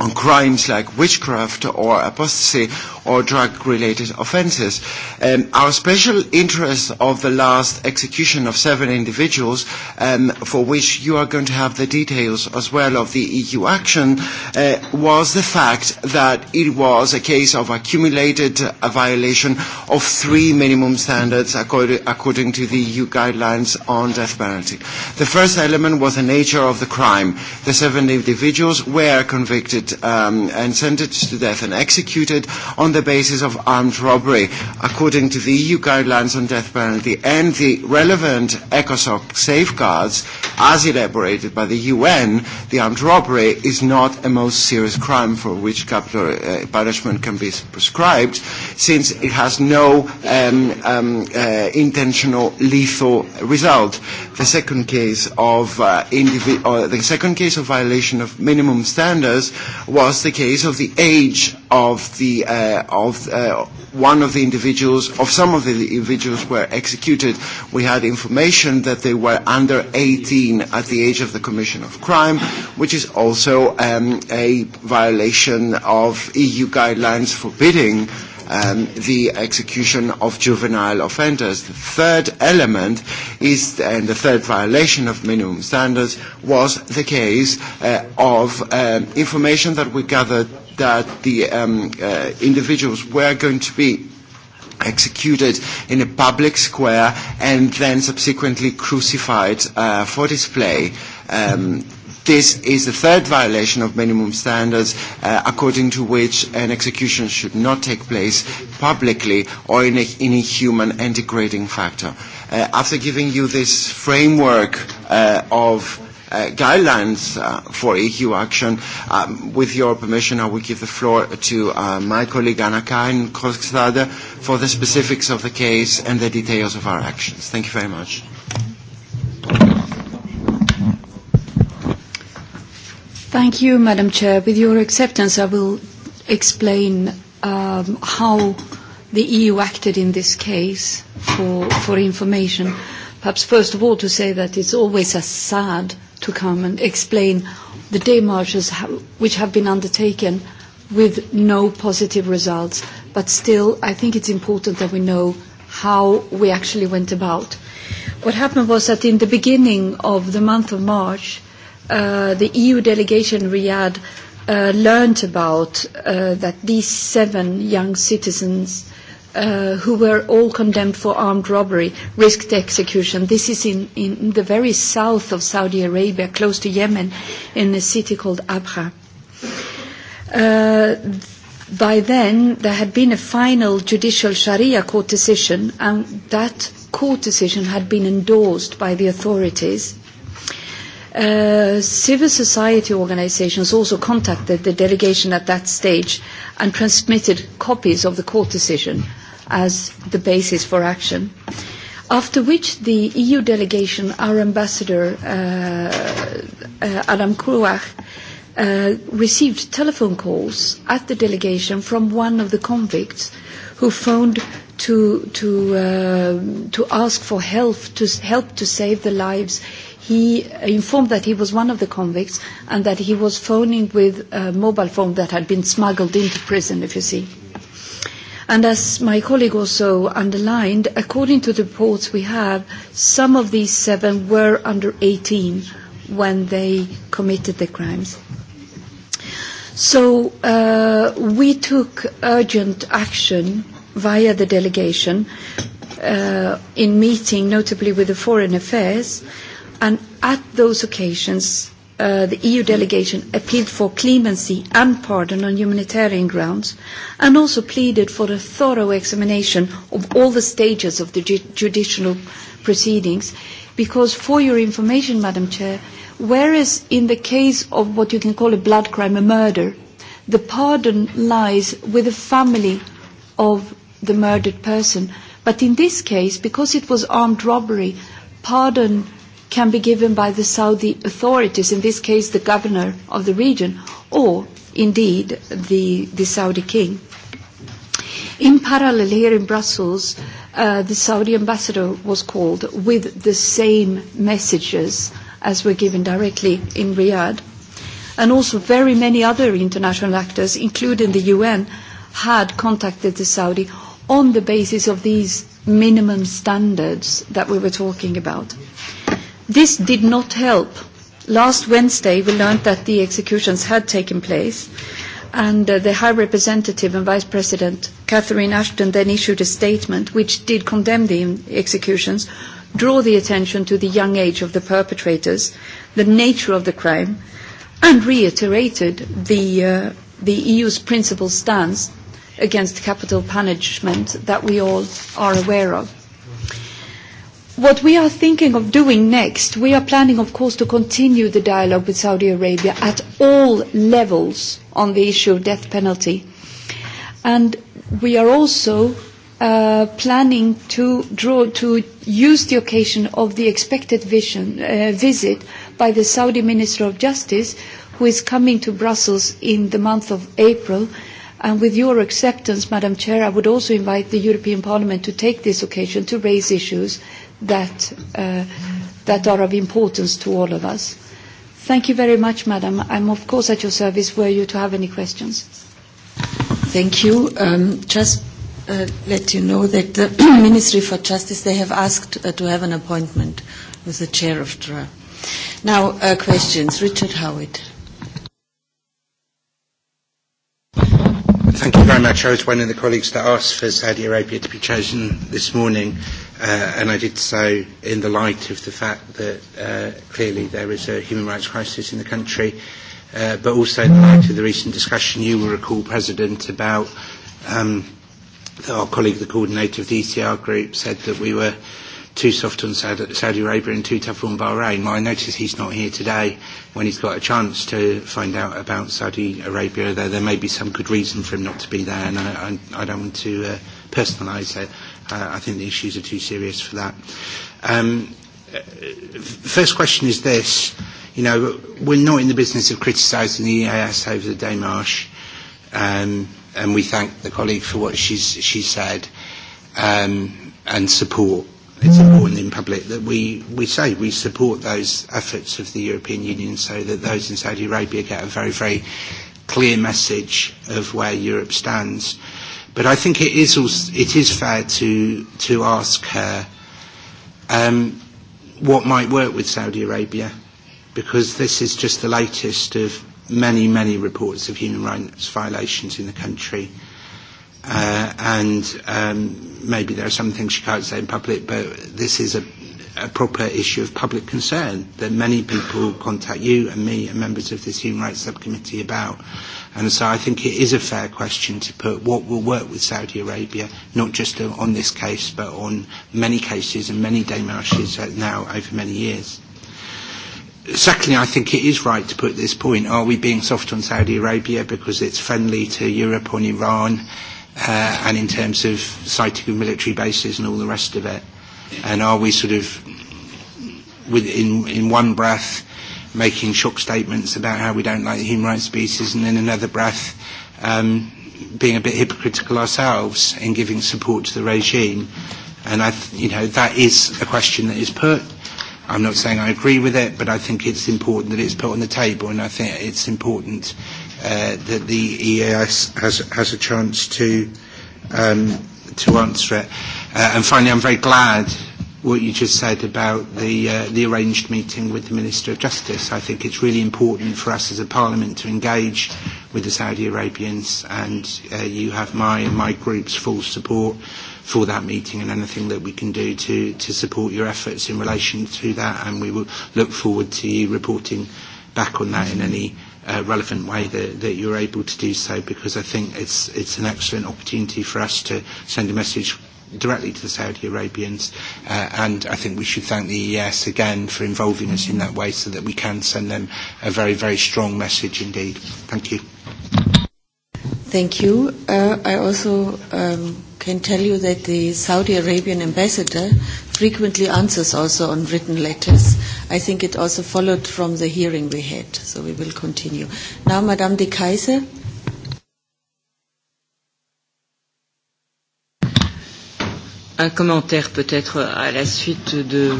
on crimes like witchcraft or apostasy or drug-related offences. Um, our special interest of the last execution of seven individuals, um, for which you are going to have the details as well of the EU action, uh, was the fact that it was a case of accumulated uh, violation of three minimum standards according, according to the EU guidelines on death penalty. The first element was the nature of the crime. The seven individuals were convicted convicted um, and sentenced to death and executed on the basis of armed robbery. According to the EU guidelines on death penalty and the relevant ECOSOC safeguards, as elaborated by the UN, the armed robbery is not a most serious crime for which capital uh, punishment can be prescribed, since it has no um, um, uh, intentional lethal result. The second case of uh, uh, or the second case of violation of minimum standards was the case of the age of, the, uh, of uh, one of the individuals, of some of the individuals were executed. We had information that they were under 18 at the age of the commission of crime, which is also um, a violation of EU guidelines forbidding uh, um, the execution of juvenile offenders. The third element is, and the third violation of minimum standards was the case uh, of um, information that we gathered that the um, uh, individuals were going to be executed in a public square and then subsequently crucified uh, for display. Um, This is the third violation of minimum standards uh, according to which an execution should not take place publicly or in a, in a human and degrading factor. Uh, after giving you this framework uh, of uh, guidelines uh, for EU action. Um, with your permission, I will give the floor to uh, my colleague Anna Kain Kostade for the specifics of the case and the details of our actions. Thank you very much. Thank you, Madam Chair. With your acceptance, I will explain um, how the EU acted in this case for, for information. Perhaps first of all to say that it's always a sad to come and explain the day marches ha which have been undertaken with no positive results. But still, I think it's important that we know how we actually went about. What happened was that in the beginning of the month of March, uh, the EU delegation Riyadh uh, learned about uh, that these seven young citizens uh, who were all condemned for armed robbery risked execution. This is in, in the very south of Saudi Arabia, close to Yemen, in a city called Abha. Uh, by then, there had been a final judicial Sharia court decision, and that court decision had been endorsed by the authorities Uh, civil society organizations also contacted the delegation at that stage and transmitted copies of the court decision as the basis for action. After which the EU delegation, our ambassador uh, uh, Adam Kruach, uh, received telephone calls at the delegation from one of the convicts who phoned to, to, uh, to ask for help to, help to save the lives he informed that he was one of the convicts and that he was phoning with a mobile phone that had been smuggled into prison, if you see. And as my colleague also underlined, according to the reports we have, some of these seven were under 18 when they committed the crimes. So uh, we took urgent action via the delegation uh, in meeting, notably with the Foreign Affairs, and at those occasions uh, the EU delegation appealed for clemency and pardon on humanitarian grounds and also pleaded for a thorough examination of all the stages of the ju judicial proceedings because for your information, Madam Chair, whereas in the case of what you can call a blood crime, a murder, the pardon lies with the family of the murdered person. But in this case, because it was armed robbery, pardon can be given by the Saudi authorities, in this case the governor of the region, or indeed the, the Saudi king. In parallel here in Brussels, uh, the Saudi ambassador was called with the same messages as were given directly in Riyadh. And also very many other international actors, including the UN, had contacted the Saudi on the basis of these minimum standards that we were talking about. Yeah. This did not help. Last Wednesday, we learned that the executions had taken place, and uh, the High Representative and Vice President Catherine Ashton then issued a statement which did condemn the executions, draw the attention to the young age of the perpetrators, the nature of the crime, and reiterated the, uh, the EU's principal stance against capital punishment that we all are aware of. What we are thinking of doing next, we are planning, of course, to continue the dialogue with Saudi Arabia at all levels on the issue of death penalty. And we are also uh, planning to, draw, to use the occasion of the expected vision, uh, visit by the Saudi Minister of Justice, who is coming to Brussels in the month of April. And with your acceptance, Madam Chair, I would also invite the European Parliament to take this occasion to raise issues that, uh, that are of importance to all of us. Thank you very much, Madam. I'm of course at your service were you to have any questions. Thank you. Um, just uh, let you know that the Ministry for Justice, they have asked uh, to have an appointment with the chair of DRA. Now, uh, questions. Richard Howard. Thank you very much. I was one of the colleagues that asked for Saudi Arabia to be chosen this morning. Uh, and I did so in the light of the fact that uh, clearly there is a human rights crisis in the country, uh, but also in the light of the recent discussion you will recall, President, about um, our colleague, the coordinator of the ECR group, said that we were too soft on Saudi Arabia and too tough on Bahrain. Well, I notice he's not here today when he's got a chance to find out about Saudi Arabia, though there may be some good reason for him not to be there, and I, I, I don't want to uh, personalise it. Uh, I think the issues are too serious for that. Um, first question is this. You know, we're not in the business of criticising the EAS over the Démarche, um, and we thank the colleague for what she's, she said um, and support. It's important in public that we, we say we support those efforts of the European Union so that those in Saudi Arabia get a very, very clear message of where Europe stands. But I think it is, also, it is fair to, to ask her um, what might work with Saudi Arabia, because this is just the latest of many, many reports of human rights violations in the country. Uh, and um, maybe there are some things she can't say in public, but this is a, a proper issue of public concern that many people contact you and me and members of this Human Rights Subcommittee about. And so I think it is a fair question to put what will work with Saudi Arabia, not just on this case, but on many cases and many demarches now over many years. Secondly, I think it is right to put this point. Are we being soft on Saudi Arabia because it's friendly to Europe on Iran uh, and in terms of citing of military bases and all the rest of it? And are we sort of, with, in, in one breath, making shock statements about how we don't like the human rights abuses and in another breath um, being a bit hypocritical ourselves in giving support to the regime. And I, th you know, that is a question that is put. I'm not saying I agree with it, but I think it's important that it's put on the table, and I think it's important uh, that the EAS has, has a chance to, um, to answer it. Uh, and finally, I'm very glad what you just said about the, uh, the arranged meeting with the Minister of Justice. I think it's really important for us as a Parliament to engage with the Saudi Arabians, and uh, you have my and my group's full support for that meeting and anything that we can do to, to support your efforts in relation to that, and we will look forward to you reporting back on that in any uh, relevant way that, that you're able to do so because I think it's, it's an excellent opportunity for us to send a message directly to the Saudi Arabians uh, and I think we should thank the EES again for involving us in that way so that we can send them a very, very strong message indeed. Thank you. Thank you. Uh, I also um, can tell you that the Saudi Arabian ambassador frequently answers also on written letters. I think it also followed from the hearing we had, so we will continue. Now, Madame de Kaiser. un commentaire peut-être à la suite de,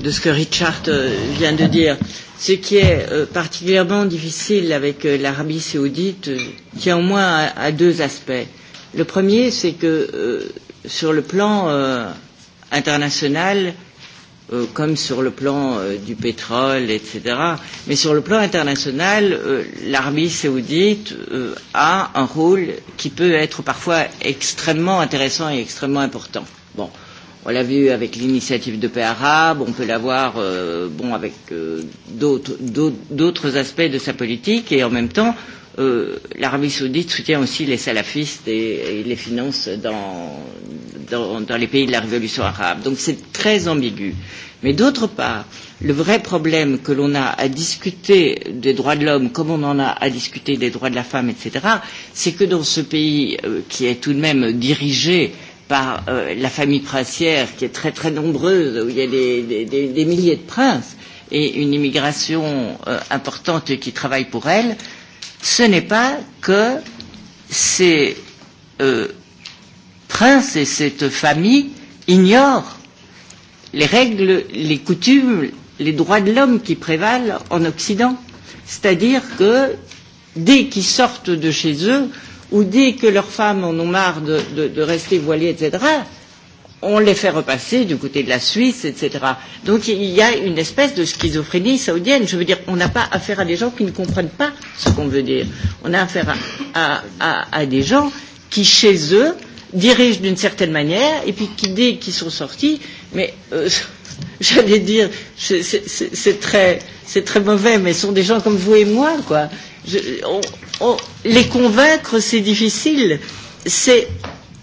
de ce que Richard euh, vient de dire. Ce qui est euh, particulièrement difficile avec euh, l'Arabie saoudite tient au moins à, deux aspects. Le premier, c'est que euh, sur le plan euh, international, euh, comme sur le plan euh, du pétrole, etc., mais sur le plan international, euh, l'Arabie saoudite euh, a un rôle qui peut être parfois extrêmement intéressant et extrêmement important. Bon, on l'a vu avec l'initiative de paix arabe, on peut l'avoir euh, bon, avec euh, d'autres aspects de sa politique et en même temps, euh, l'Arabie saoudite soutient aussi les salafistes et, et les finances dans, dans, dans les pays de la révolution arabe. Donc c'est très ambigu. Mais d'autre part, le vrai problème que l'on a à discuter des droits de l'homme, comme on en a à discuter des droits de la femme, etc., c'est que dans ce pays euh, qui est tout de même dirigé par euh, la famille princière qui est très très nombreuse, où il y a des, des, des, des milliers de princes et une immigration euh, importante qui travaille pour elle, ce n'est pas que ces euh, princes et cette famille ignorent les règles, les coutumes, les droits de l'homme qui prévalent en Occident. C'est-à-dire que dès qu'ils sortent de chez eux, ou dès que leurs femmes en ont marre de, de, de rester voilées, etc., on les fait repasser du côté de la Suisse, etc. Donc il y a une espèce de schizophrénie saoudienne. Je veux dire, on n'a pas affaire à des gens qui ne comprennent pas ce qu'on veut dire. On a affaire à, à, à, à des gens qui, chez eux, dirigent d'une certaine manière, et puis qui, dès qu'ils sont sortis, mais euh, j'allais dire, c'est très, très mauvais, mais ce sont des gens comme vous et moi, quoi. Je, on, on, oh, les convaincre, c'est difficile. C'est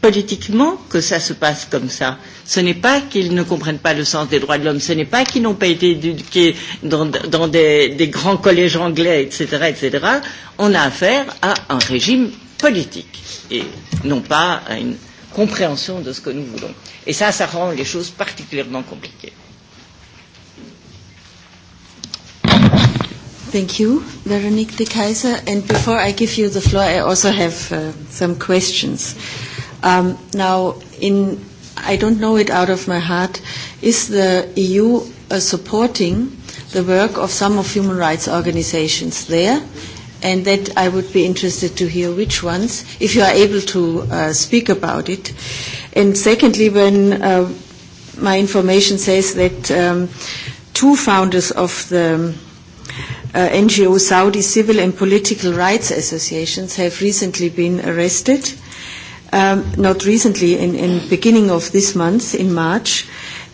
politiquement que ça se passe comme ça. Ce n'est pas qu'ils ne comprennent pas le sens des droits de l'homme, ce n'est pas qu'ils n'ont pas été éduqués dans, dans des, des grands collèges anglais, etc., etc. On a affaire à un régime politique et non pas à une compréhension de ce que nous voulons. Et ça, ça rend les choses particulièrement compliquées. Thank you, Veronique de Kaiser. And before I give you the floor, I also have uh, some questions. Um, now, in, I don't know it out of my heart, is the EU uh, supporting the work of some of human rights organizations there? And that I would be interested to hear which ones, if you are able to uh, speak about it. And secondly, when uh, my information says that um, two founders of the uh, NGO Saudi civil and political rights associations have recently been arrested, um, not recently, in, in beginning of this month, in March,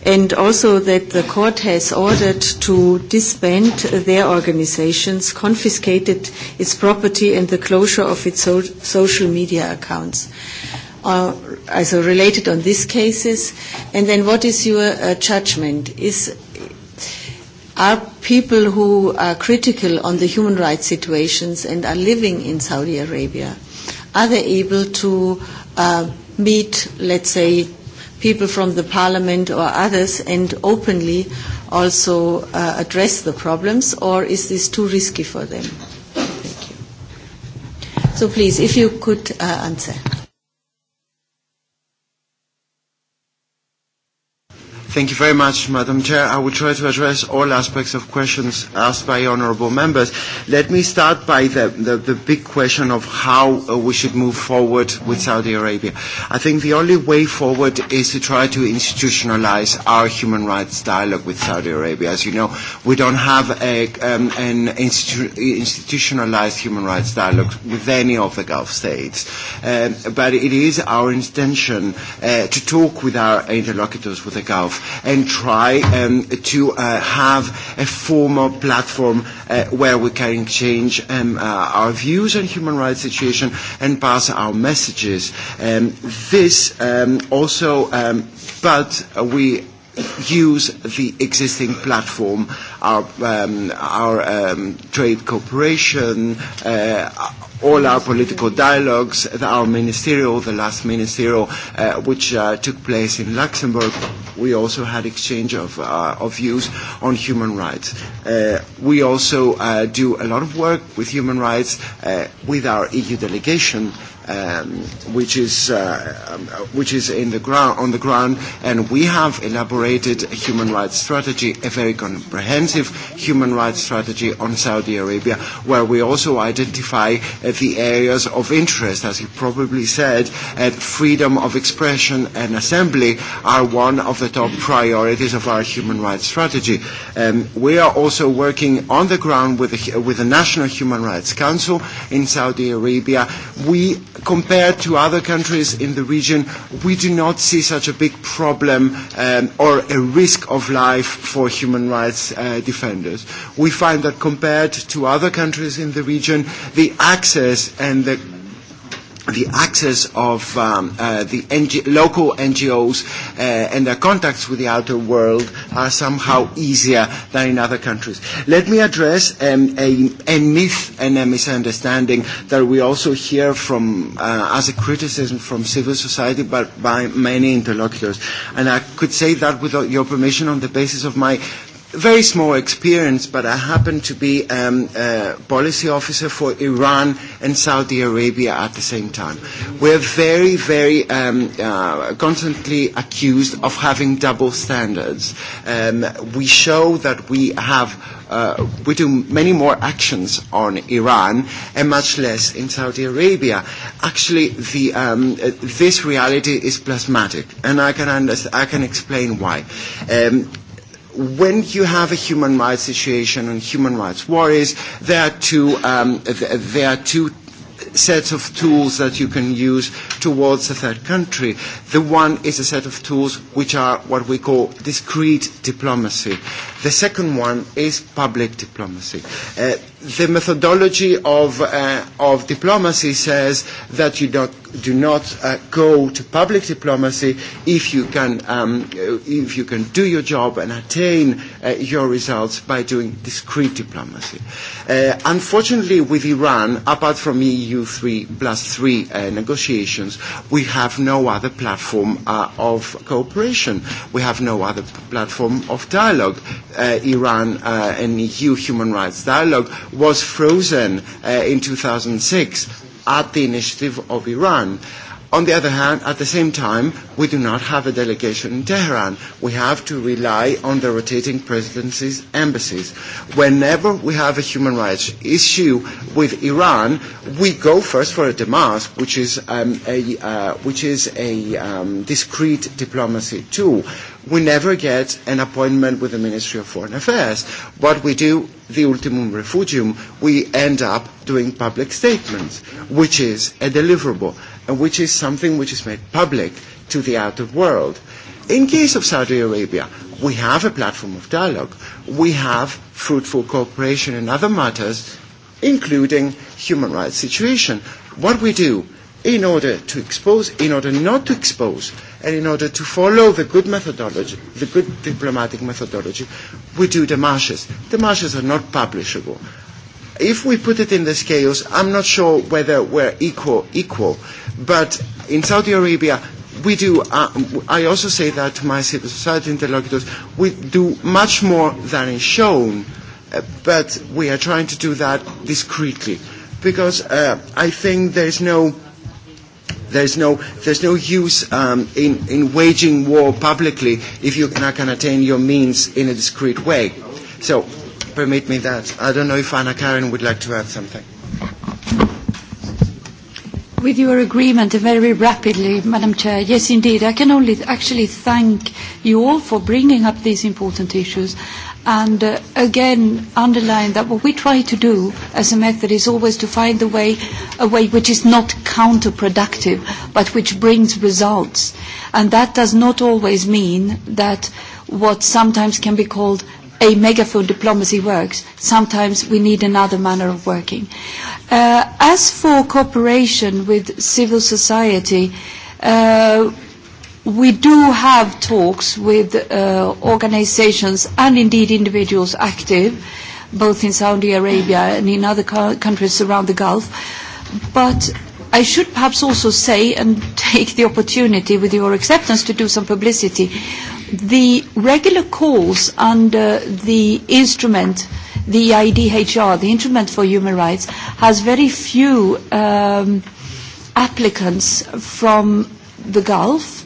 and also that the court has ordered to disband their organizations, confiscated its property and the closure of its so social media accounts. Uh, also related on these cases, and then what is your uh, judgment? Is are people who are critical on the human rights situations and are living in Saudi Arabia. Are they able to uh, meet, let's say, people from the parliament or others and openly also uh, address the problems or is this too risky for them? Thank you. So please, if you could uh, answer. Thank you very much, Madam Chair. I will try to address all aspects of questions asked by honourable members. Let me start by the, the, the big question of how uh, we should move forward with Saudi Arabia. I think the only way forward is to try to institutionalize our human rights dialogue with Saudi Arabia. As you know, we don't have a, um, an institu institutionalized human rights dialogue with any of the Gulf states. Um, but it is our intention uh, to talk with our interlocutors with the Gulf and try um, to uh, have a formal platform uh, where we can exchange um, uh, our views on human rights situation and pass our messages. Um, this um, also, um, but we use the existing platform, our, um, our um, trade cooperation, uh, all our political dialogues, our ministerial, the last ministerial, uh, which uh, took place in Luxembourg. We also had exchange of, uh, of views on human rights. Uh, we also uh, do a lot of work with human rights uh, with our EU delegation um, which is uh, um, uh, which is in the ground on the ground and we have elaborated a human rights strategy a very comprehensive human rights strategy on Saudi Arabia where we also identify uh, the areas of interest as you probably said uh, freedom of expression and assembly are one of the top priorities of our human rights strategy um, we are also working on the ground with the, with the National Human Rights Council in Saudi Arabia we compared to other countries in the region, we do not see such a big problem um, or a risk of life for human rights uh, defenders. We find that compared to other countries in the region, the access and the the access of um, uh, the NG local NGOs uh, and their contacts with the outer world are somehow easier than in other countries. Let me address um, a, a myth and a misunderstanding that we also hear from, uh, as a criticism from civil society but by many interlocutors. And I could say that without your permission on the basis of my very small experience, but I happen to be um, a policy officer for Iran and Saudi Arabia at the same time. We're very, very um, uh, constantly accused of having double standards. Um, we show that we have uh, we do many more actions on Iran and much less in Saudi Arabia. Actually, the, um, uh, this reality is plasmatic, and I can, I can explain why. Um, when you have a human rights situation and human rights worries, there are two, um, there are two sets of tools that you can use towards a third country. The one is a set of tools which are what we call discrete diplomacy. The second one is public diplomacy. Uh, the methodology of, uh, of diplomacy says that you don't, do not uh, go to public diplomacy if you, can, um, if you can do your job and attain uh, your results by doing discreet diplomacy. Uh, unfortunately, with Iran, apart from EU 3 plus 3 uh, negotiations, we have no other platform uh, of cooperation. We have no other platform of dialogue. Uh, Iran uh, and EU human rights dialogue was frozen uh, in 2006 at the initiative of Iran. On the other hand, at the same time, we do not have a delegation in Tehran. We have to rely on the rotating presidency's embassies. Whenever we have a human rights issue with Iran, we go first for a Damascus, which is, um, a, uh, which is a um, discreet diplomacy tool. We never get an appointment with the Ministry of Foreign Affairs. What we do, the ultimum refugium, we end up doing public statements, which is a deliverable and which is something which is made public to the outer world. In case of Saudi Arabia, we have a platform of dialogue. We have fruitful cooperation in other matters, including human rights situation. What we do in order to expose, in order not to expose, and in order to follow the good methodology, the good diplomatic methodology, we do demarches. Demarches are not publishable if we put it in the scales, I'm not sure whether we're equal, equal. But in Saudi Arabia, we do, uh, I also say that to my civil society interlocutors, we do much more than is shown, uh, but we are trying to do that discreetly. Because uh, I think there's no, there's no, there's no use um, in, in waging war publicly if you cannot attain your means in a discreet way. So permit me that. I don't know if Anna Karen would like to add something. With your agreement, very rapidly, Madam Chair, yes, indeed, I can only actually thank you all for bringing up these important issues and uh, again underline that what we try to do as a method is always to find a way, a way which is not counterproductive but which brings results. And that does not always mean that what sometimes can be called a megaphone diplomacy works. Sometimes we need another manner of working. Uh, as for cooperation with civil society, uh, we do have talks with uh, organizations and indeed individuals active, both in Saudi Arabia and in other co countries around the Gulf. But I should perhaps also say and take the opportunity with your acceptance to do some publicity the regular calls under the instrument, the IDHR, the Instrument for Human Rights, has very few um, applicants from the Gulf,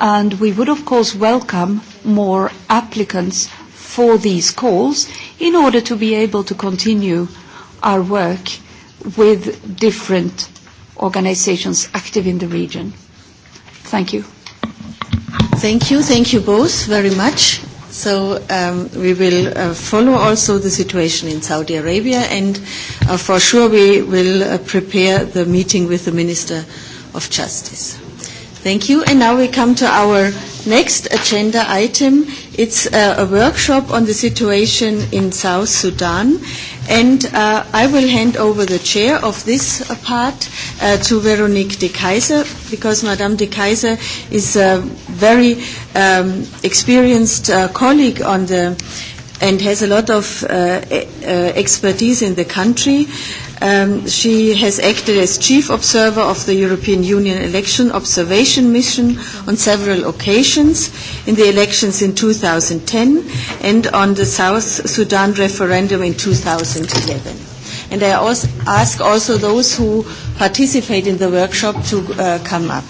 and we would, of course, welcome more applicants for these calls in order to be able to continue our work with different organizations active in the region. Thank you. Thank you, thank you both very much. So um, we will uh, follow also the situation in Saudi Arabia and uh, for sure we will uh, prepare the meeting with the Minister of Justice. Thank you. And now we come to our next agenda item. It's uh, a workshop on the situation in South Sudan. And uh, I will hand over the chair of this uh, part uh, to Veronique de Kaiser, because Madame de Kaiser is a very um, experienced uh, colleague on the and has a lot of uh, e, uh, expertise in the country. Uh, Um, she has acted as chief observer of the European Union election observation mission on several occasions in the elections in 2010 and on the South Sudan referendum in 2011. And I also ask also those who participate in the workshop to uh, come up.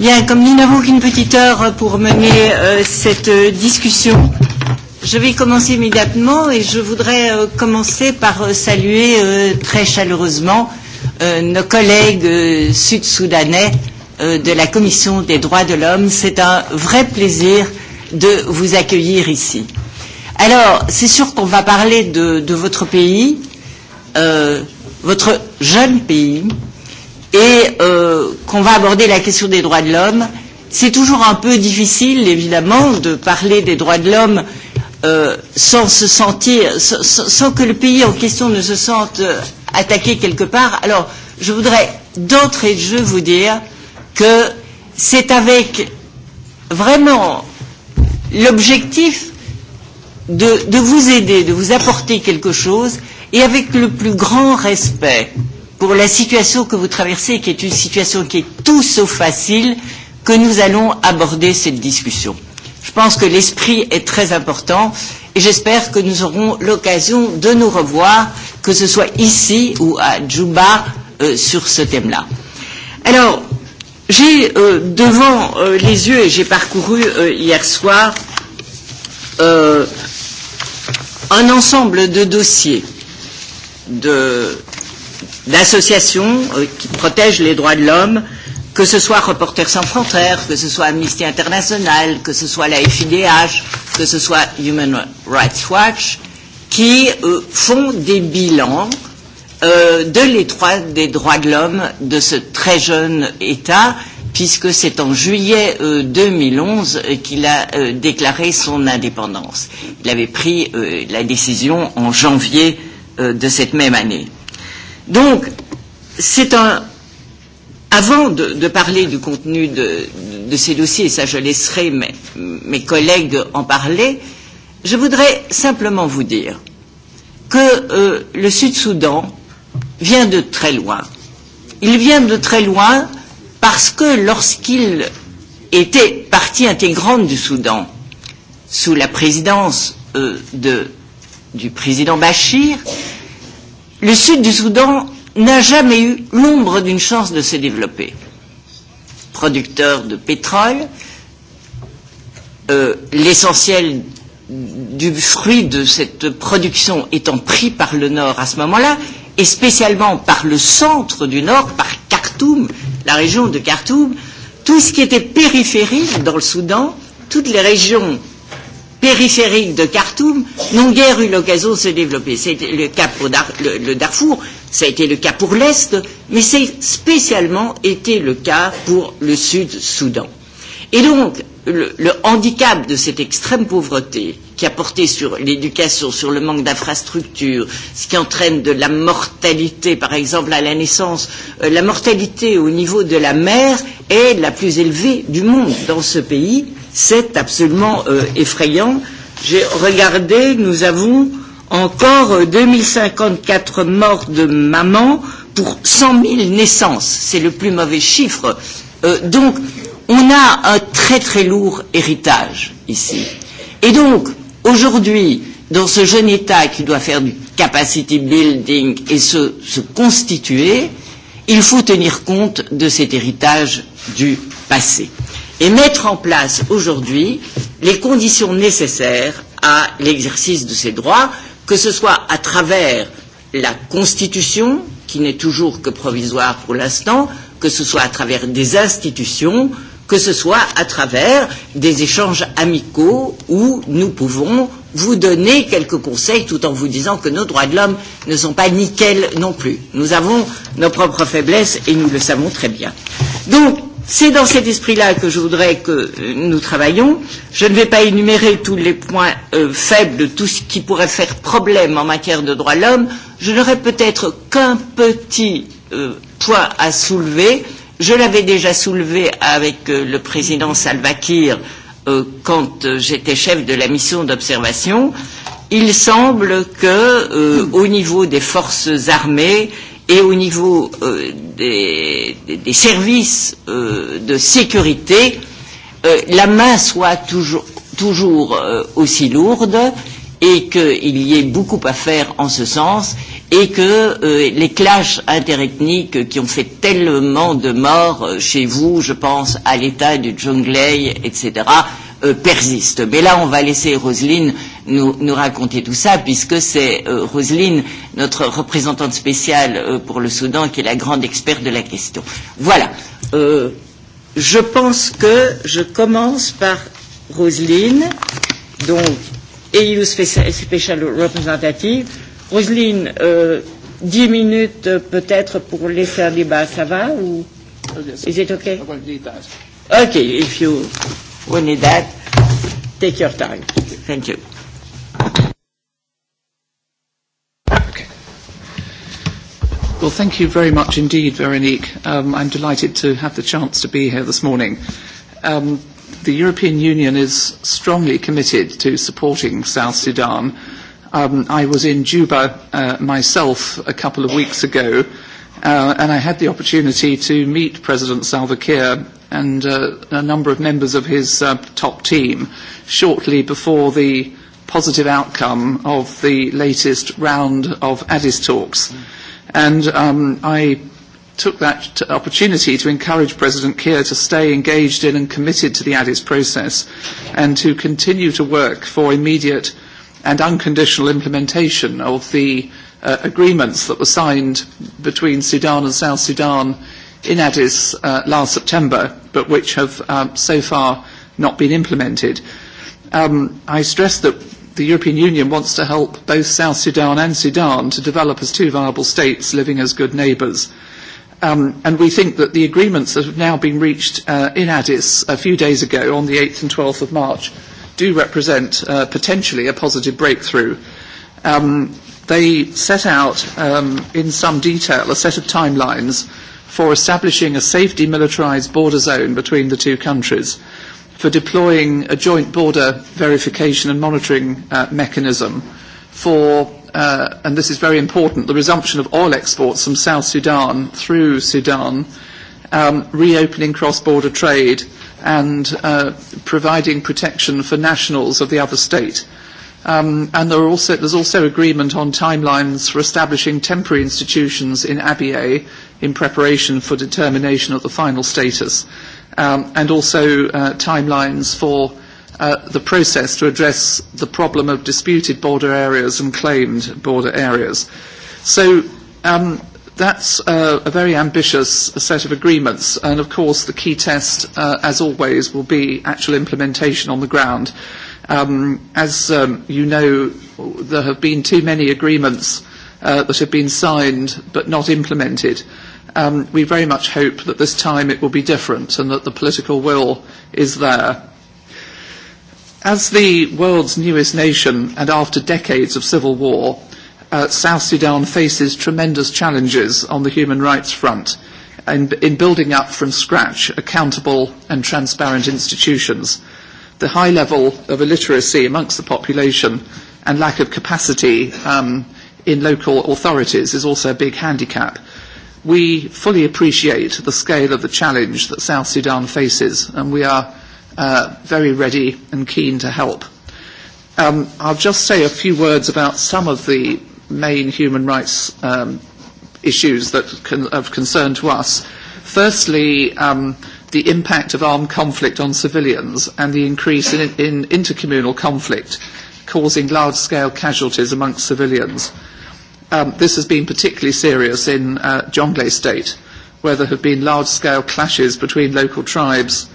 Bien, comme nous n'avons qu'une petite heure pour mener euh, cette euh, discussion, je vais commencer immédiatement et je voudrais euh, commencer par euh, saluer euh, très chaleureusement euh, nos collègues euh, sud-soudanais euh, de la Commission des droits de l'homme. C'est un vrai plaisir de vous accueillir ici. Alors, c'est sûr qu'on va parler de, de votre pays, euh, votre jeune pays, et euh, qu'on va aborder la question des droits de l'homme. C'est toujours un peu difficile, évidemment, de parler des droits de l'homme euh, sans se sentir, sans, sans que le pays en question ne se sente euh, attaqué quelque part. Alors, je voudrais d'entrée de jeu vous dire que c'est avec vraiment l'objectif de, de vous aider, de vous apporter quelque chose, et avec le plus grand respect euh, pour la situation que vous traversez, qui est une situation qui est tout sauf facile, que nous allons aborder cette discussion. Je pense que l'esprit est très important et j'espère que nous aurons l'occasion de nous revoir, que ce soit ici ou à Djouba, euh, sur ce thème-là. Alors, j'ai euh, devant euh, les yeux, et j'ai parcouru euh, hier soir, euh, un ensemble de dossiers de d'associations euh, qui protègent les droits de l'homme, que ce soit Reporters sans frontières, que ce soit Amnesty International, que ce soit la FIDH, que ce soit Human Rights Watch, qui euh, font des bilans euh, de l'étroit des droits de l'homme de ce très jeune État, puisque c'est en juillet euh, 2011 euh, qu'il a euh, déclaré son indépendance. Il avait pris euh, la décision en janvier euh, de cette même année. Donc, c'est un. Avant de, de parler du contenu de, de ces dossiers, ça je laisserai mes, mes collègues en parler, je voudrais simplement vous dire que euh, le Sud-Soudan vient de très loin. Il vient de très loin parce que lorsqu'il était partie intégrante du Soudan, sous la présidence euh, de, du président Bachir, euh, le sud du Soudan n'a jamais eu l'ombre d'une chance de se développer. Producteur de pétrole, euh, l'essentiel du fruit de cette production étant pris par le Nord à ce moment-là, et spécialement par le centre du Nord, par Khartoum, la région de Khartoum, tout ce qui était périphérique dans le Soudan, toutes les régions périphérique de Khartoum n'ont guère eu l'occasion de se développer. C'est le cas pour Dar le, le Darfour, ça a été le cas pour l'Est, mais c'est spécialement été le cas pour le Sud-Soudan. Et donc, le, le handicap de cette extrême pauvreté qui a porté sur l'éducation, sur le manque d'infrastructures, ce qui entraîne de la mortalité, par exemple à la naissance, euh, la mortalité au niveau de la mère est la plus élevée du monde dans ce pays C'est absolument euh, effrayant. J'ai regardé, nous avons encore 2054 euh, morts de maman pour 100 000 naissances. C'est le plus mauvais chiffre. Euh, donc, on a un très très lourd héritage ici. Et donc, aujourd'hui, dans ce jeune État qui doit faire du capacity building et se, se constituer, il faut tenir compte de cet héritage du passé. Euh, et mettre en place aujourd'hui les conditions nécessaires à l'exercice de ces droits, que ce soit à travers la Constitution, qui n'est toujours que provisoire pour l'instant, que ce soit à travers des institutions, que ce soit à travers des échanges amicaux où nous pouvons vous donner quelques conseils tout en vous disant que nos droits de l'homme ne sont pas nickels non plus. Nous avons nos propres faiblesses et nous le savons très bien. Donc, C'est dans cet esprit-là que je voudrais que euh, nous travaillions. Je ne vais pas énumérer tous les points euh, faibles, tout ce qui pourrait faire problème en matière de droits de l'homme. Je n'aurai peut-être qu'un petit euh, point à soulever. Je l'avais déjà soulevé avec euh, le président Salva Kiir euh, quand euh, j'étais chef de la mission d'observation. Il semble que, euh, au niveau des forces armées, euh, et au niveau euh, des, des services euh, de sécurité, euh, la main soit toujours, toujours euh, aussi lourde et qu'il y ait beaucoup à faire en ce sens et que euh, les clashs interethniques qui ont fait tellement de morts euh, chez vous, je pense à l'état du jungle, etc., euh, persistent. Mais là, on va laisser Roselyne nous, nous raconter tout ça, puisque c'est euh, Roselyne, notre représentante spéciale euh, pour le Soudan, qui est la grande experte de la question. Voilà. Euh, je pense que je commence par Roselyne, donc EU Special Representative. Roselyne, euh, 10 minutes euh, peut-être pour laisser un débat, ça va ou Is it okay? Okay, if you want that, take your time. Thank you. Well, thank you very much indeed, Veronique. Um, I'm delighted to have the chance to be here this morning. Um, the European Union is strongly committed to supporting South Sudan. Um, I was in Juba uh, myself a couple of weeks ago, uh, and I had the opportunity to meet President Salva Kiir and uh, a number of members of his uh, top team shortly before the positive outcome of the latest round of Addis talks. Mm And um, I took that to opportunity to encourage President Keir to stay engaged in and committed to the Addis process and to continue to work for immediate and unconditional implementation of the uh, agreements that were signed between Sudan and South Sudan in Addis uh, last September, but which have um, so far not been implemented. Um, I stress that the European Union wants to help both South Sudan and Sudan to develop as two viable states living as good neighbours. Um, and we think that the agreements that have now been reached uh, in Addis a few days ago on the 8th and 12th of March do represent uh, potentially a positive breakthrough. Um, they set out um, in some detail a set of timelines for establishing a safety militarised border zone between the two countries for deploying a joint border verification and monitoring uh, mechanism for, uh, and this is very important, the resumption of oil exports from South Sudan through Sudan, um, reopening cross-border trade and uh, providing protection for nationals of the other state. Um, and there are also, there's also agreement on timelines for establishing temporary institutions in Abyei in preparation for determination of the final status um, and also uh, timelines for uh, the process to address the problem of disputed border areas and claimed border areas. So um, that's uh, a very ambitious set of agreements, and of course the key test, uh, as always, will be actual implementation on the ground. Um, as um, you know, there have been too many agreements uh, that have been signed but not implemented um, we very much hope that this time it will be different and that the political will is there. As the world's newest nation and after decades of civil war, uh, South Sudan faces tremendous challenges on the human rights front in, in building up from scratch accountable and transparent institutions. The high level of illiteracy amongst the population and lack of capacity um, in local authorities is also a big handicap we fully appreciate the scale of the challenge that South Sudan faces, and we are uh, very ready and keen to help. Um, I'll just say a few words about some of the main human rights um, issues that con of concern to us. Firstly, um, the impact of armed conflict on civilians and the increase in, in intercommunal conflict causing large-scale casualties amongst civilians. Um, this has been particularly serious in uh, Jonglei State, where there have been large-scale clashes between local tribes,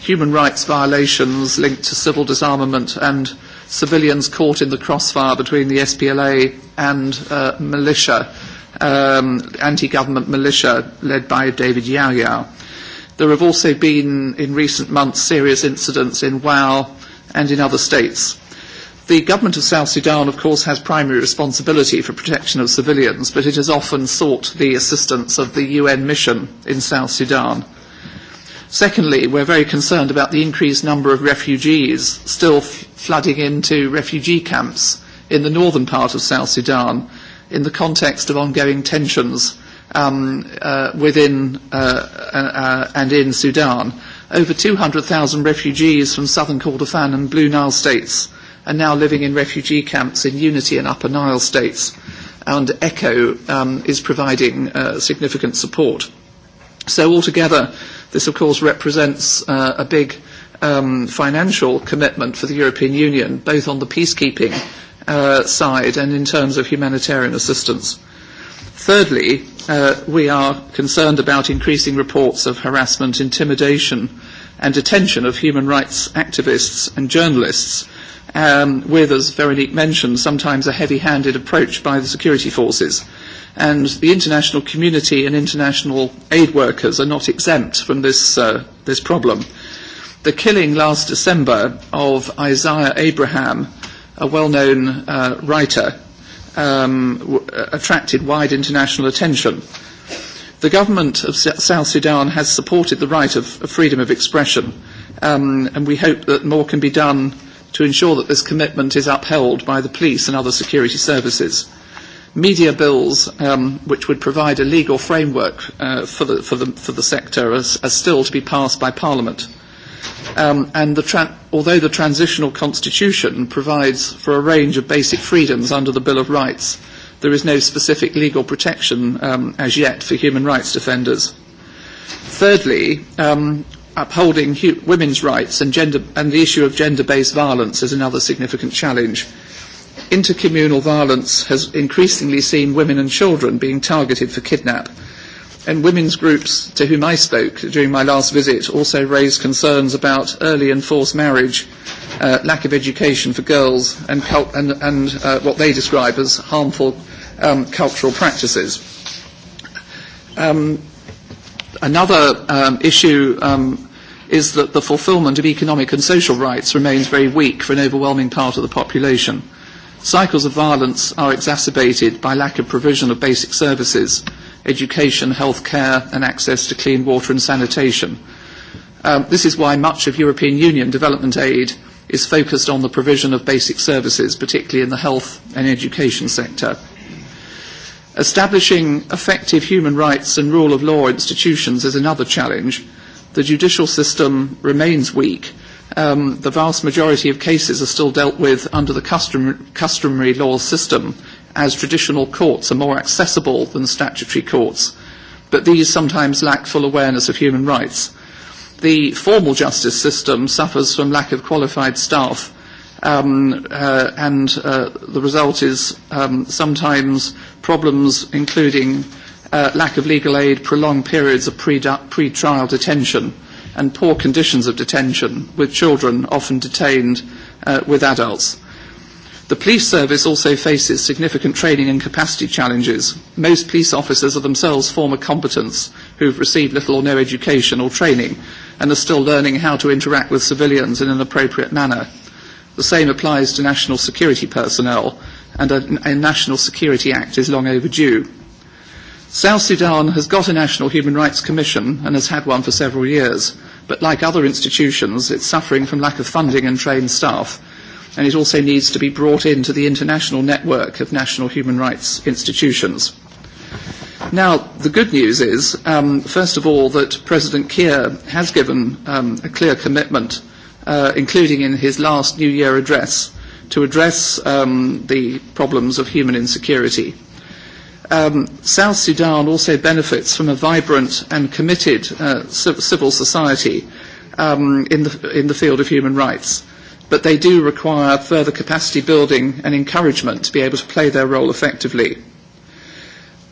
human rights violations linked to civil disarmament, and civilians caught in the crossfire between the SPLA and uh, militia, um, anti-government militia led by David Yao Yao. There have also been, in recent months, serious incidents in WAO and in other states The government of South Sudan, of course, has primary responsibility for protection of civilians, but it has often sought the assistance of the UN mission in South Sudan. Secondly, we're very concerned about the increased number of refugees still f flooding into refugee camps in the northern part of South Sudan in the context of ongoing tensions um, uh, within uh, uh, uh and in Sudan. Over 200,000 refugees from southern Kordofan and Blue Nile states are now living in refugee camps in Unity and Upper Nile states, and ECHO um, is providing uh, significant support. So altogether, this of course represents uh, a big um, financial commitment for the European Union, both on the peacekeeping uh, side and in terms of humanitarian assistance. Thirdly, uh, we are concerned about increasing reports of harassment, intimidation, and detention of human rights activists and journalists um, with, as Veronique mentioned, sometimes a heavy-handed approach by the security forces. And the international community and international aid workers are not exempt from this, uh, this problem. The killing last December of Isaiah Abraham, a well-known uh, writer, um, w uh, attracted wide international attention. The government of South Sudan has supported the right of, of freedom of expression, um, and we hope that more can be done to ensure that this commitment is upheld by the police and other security services. Media bills, um, which would provide a legal framework uh, for, the, for, the, for the sector, are, are still to be passed by Parliament. Um, and the tra although the transitional constitution provides for a range of basic freedoms under the Bill of Rights, there is no specific legal protection um, as yet for human rights defenders. Thirdly, um, upholding hu women's rights and, gender, and the issue of gender-based violence is another significant challenge. Intercommunal violence has increasingly seen women and children being targeted for kidnap, and women's groups to whom I spoke during my last visit also raised concerns about early and forced marriage, uh, lack of education for girls, and, cult and, and uh, what they describe as harmful um, cultural practices. Um, Another um, issue um, is that the fulfilment of economic and social rights remains very weak for an overwhelming part of the population. Cycles of violence are exacerbated by lack of provision of basic services, education, health care and access to clean water and sanitation. Um, this is why much of European Union development aid is focused on the provision of basic services, particularly in the health and education sector. Establishing effective human rights and rule of law institutions is another challenge. The judicial system remains weak. Um, the vast majority of cases are still dealt with under the custom, customary law system, as traditional courts are more accessible than statutory courts, but these sometimes lack full awareness of human rights. The formal justice system suffers from lack of qualified staff um, uh, and uh, the result is um, sometimes problems including uh, lack of legal aid, prolonged periods of pre-trial detention and poor conditions of detention, with children often detained uh, with adults. The police service also faces significant training and capacity challenges. Most police officers are themselves former combatants who've received little or no education or training and are still learning how to interact with civilians in an appropriate manner. The same applies to national security personnel, and a, a National Security Act is long overdue. South Sudan has got a National Human Rights Commission and has had one for several years, but like other institutions, it's suffering from lack of funding and trained staff, and it also needs to be brought into the international network of national human rights institutions. Now, the good news is, um, first of all, that President Kiir has given um, a clear commitment uh, including in his last New Year address, to address um, the problems of human insecurity. Um, South Sudan also benefits from a vibrant and committed uh, civil society um, in, the, in the field of human rights, but they do require further capacity building and encouragement to be able to play their role effectively.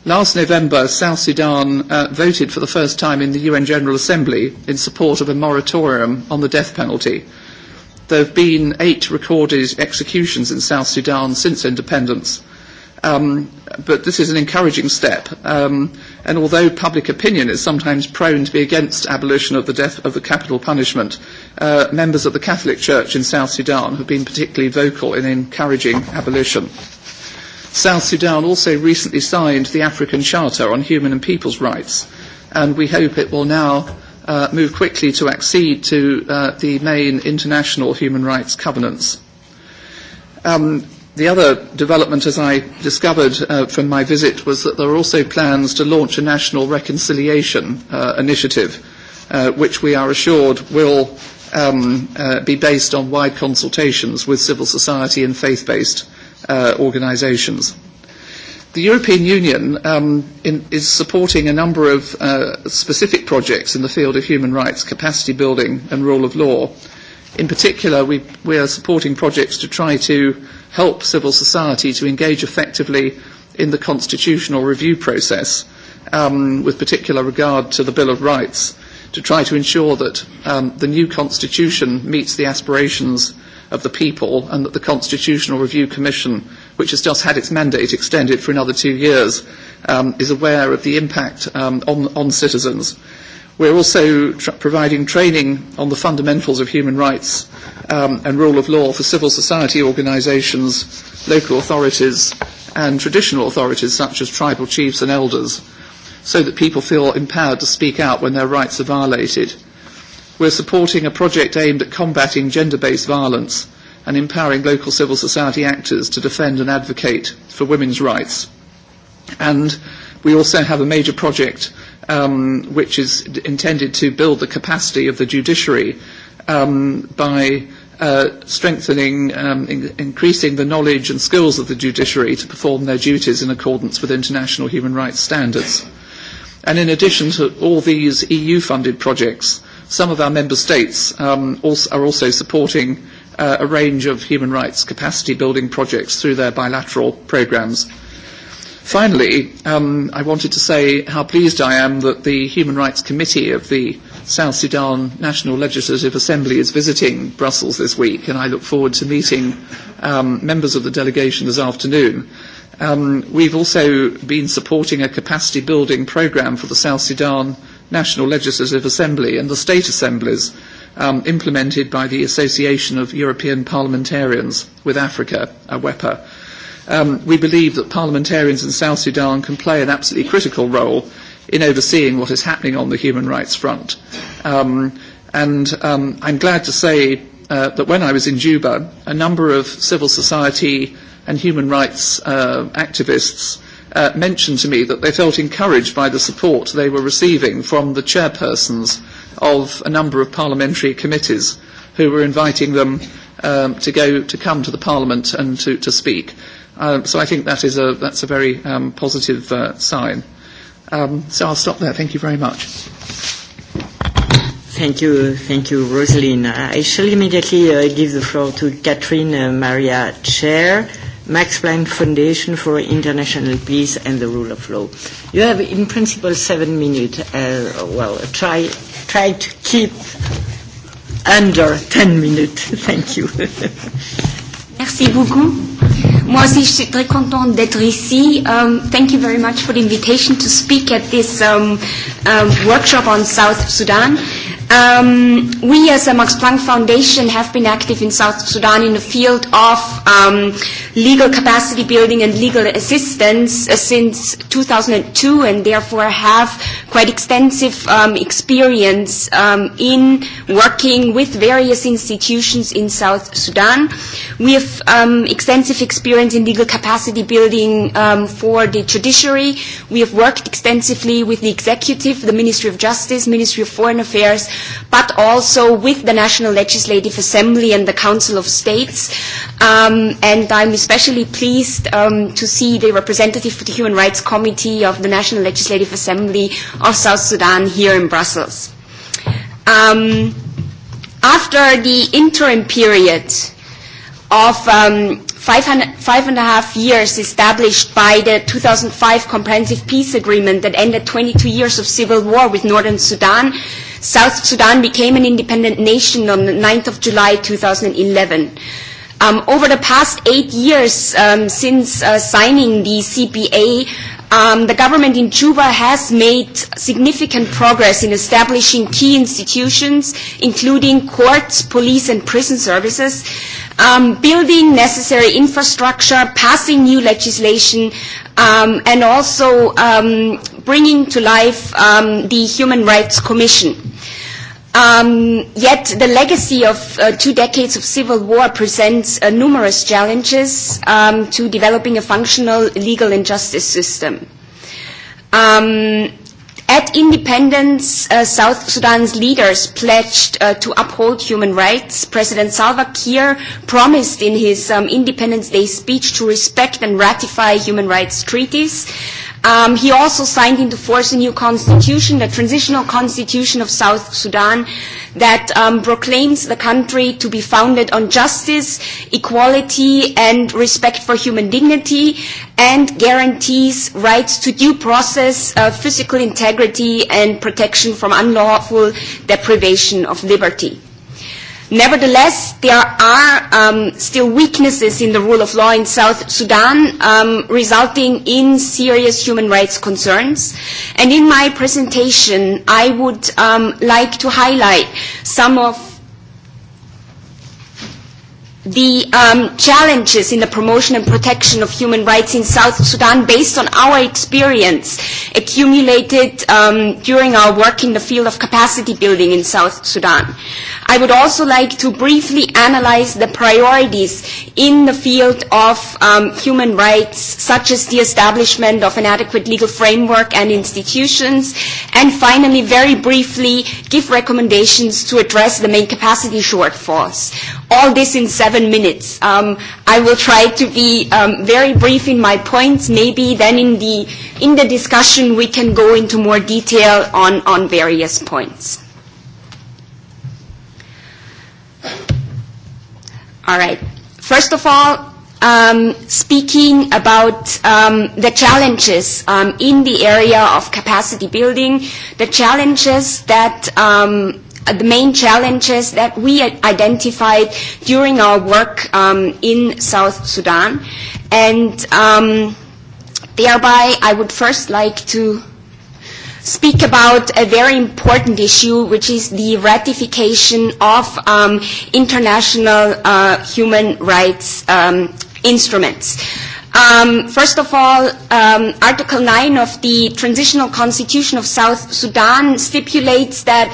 Last November, South Sudan uh, voted for the first time in the UN General Assembly in support of a moratorium on the death penalty. There have been eight recorded executions in South Sudan since independence, um, but this is an encouraging step. Um, and although public opinion is sometimes prone to be against abolition of the death of the capital punishment, uh, members of the Catholic Church in South Sudan have been particularly vocal in encouraging abolition. South Sudan also recently signed the African Charter on Human and People's Rights, and we hope it will now uh, move quickly to accede to uh, the main international human rights covenants. Um, the other development, as I discovered uh, from my visit, was that there are also plans to launch a national reconciliation uh, initiative, uh, which we are assured will um, uh, be based on wide consultations with civil society and faith-based uh, organisations. The European Union um, in, is supporting a number of uh, specific projects in the field of human rights, capacity building and rule of law. In particular, we, we are supporting projects to try to help civil society to engage effectively in the constitutional review process, um, with particular regard to the Bill of Rights, to try to ensure that um, the new constitution meets the aspirations of the people and that the Constitutional Review Commission, which has just had its mandate extended for another two years, um, is aware of the impact um, on, on citizens. We're also tr- providing training on the fundamentals of human rights um, and rule of law for civil society organisations, local authorities and traditional authorities such as tribal chiefs and elders so that people feel empowered to speak out when their rights are violated. We're supporting a project aimed at combating gender-based violence and empowering local civil society actors to defend and advocate for women's rights. And we also have a major project um, which is intended to build the capacity of the judiciary um, by uh, strengthening, um, in increasing the knowledge and skills of the judiciary to perform their duties in accordance with international human rights standards. And in addition to all these EU-funded projects, Some of our member states um, also, are also supporting uh, a range of human rights capacity building projects through their bilateral programs. Finally, um, I wanted to say how pleased I am that the Human Rights Committee of the South Sudan National Legislative Assembly is visiting Brussels this week, and I look forward to meeting um, members of the delegation this afternoon. Um, we've also been supporting a capacity building program for the South Sudan National Legislative Assembly and the state assemblies um, implemented by the Association of European Parliamentarians with Africa, AWEPA. E um, we believe that parliamentarians in South Sudan can play an absolutely critical role in overseeing what is happening on the human rights front. Um, and um, I'm glad to say uh, that when I was in Juba, a number of civil society and human rights uh, activists uh, mentioned to me that they felt encouraged by the support they were receiving from the chairpersons of a number of parliamentary committees who were inviting them um, to go to come to the parliament and to, to speak. Uh, so I think that is a, that's a very um, positive uh, sign. Um, so I'll stop there. Thank you very much. Thank you, thank you, Rosaline. Uh, I shall immediately uh, give the floor to Catherine uh, Maria Chair Max Planck Foundation for International Peace and the Rule of Law. You have, in principle, seven minutes. Uh, well, try, try to keep under ten minutes. Thank you. Merci beaucoup. Moi aussi, je suis très contente d'être ici. Um, thank you very much for the invitation to speak at this um, um, workshop on South Sudan. Um, we as the Max Planck Foundation have been active in South Sudan in the field of um, legal capacity building and legal assistance uh, since 2002 and therefore have quite extensive um, experience um, in working with various institutions in South Sudan. We have um, extensive experience in legal capacity building um, for the judiciary. We have worked extensively with the executive, the Ministry of Justice, Ministry of Foreign Affairs, but also with the National Legislative Assembly and the Council of States. Um, and I'm especially pleased um, to see the representative for the Human Rights Committee of the National Legislative Assembly of South Sudan here in Brussels. Um, after the interim period of um, five, hundred, five and a half years established by the 2005 Comprehensive Peace Agreement that ended 22 years of civil war with Northern Sudan, South Sudan became an independent nation on the 9th of July 2011. Um, over the past eight years um, since uh, signing the CPA, Um, the government in Cuba has made significant progress in establishing key institutions, including courts, police and prison services, um, building necessary infrastructure, passing new legislation, um, and also um, bringing to life um, the Human Rights Commission. Um, yet the legacy of uh, two decades of civil war presents uh, numerous challenges um, to developing a functional legal and justice system. Um, at independence, uh, South Sudan's leaders pledged uh, to uphold human rights. President Salva Kiir promised in his um, Independence Day speech to respect and ratify human rights treaties. Um, he also signed into force a new constitution, the transitional constitution of South Sudan, that um, proclaims the country to be founded on justice, equality, and respect for human dignity, and guarantees rights to due process, uh, physical integrity, and protection from unlawful deprivation of liberty. Nevertheless, there are um, still weaknesses in the rule of law in South Sudan, um, resulting in serious human rights concerns. And in my presentation, I would um, like to highlight some of the um, challenges in the promotion and protection of human rights in South Sudan based on our experience accumulated um, during our work in the field of capacity building in South Sudan. I would also like to briefly analyze the priorities in the field of um, human rights, such as the establishment of an adequate legal framework and institutions, and finally, very briefly, give recommendations to address the main capacity shortfalls all this in seven minutes. Um, I will try to be um, very brief in my points. Maybe then in the, in the discussion we can go into more detail on, on various points. All right. First of all, um, speaking about um, the challenges um, in the area of capacity building, the challenges that um, Uh, the main challenges that we identified during our work um, in South Sudan. And um, thereby, I would first like to speak about a very important issue, which is the ratification of um, international uh, human rights um, instruments. Um, first of all, um, Article 9 of the Transitional Constitution of South Sudan stipulates that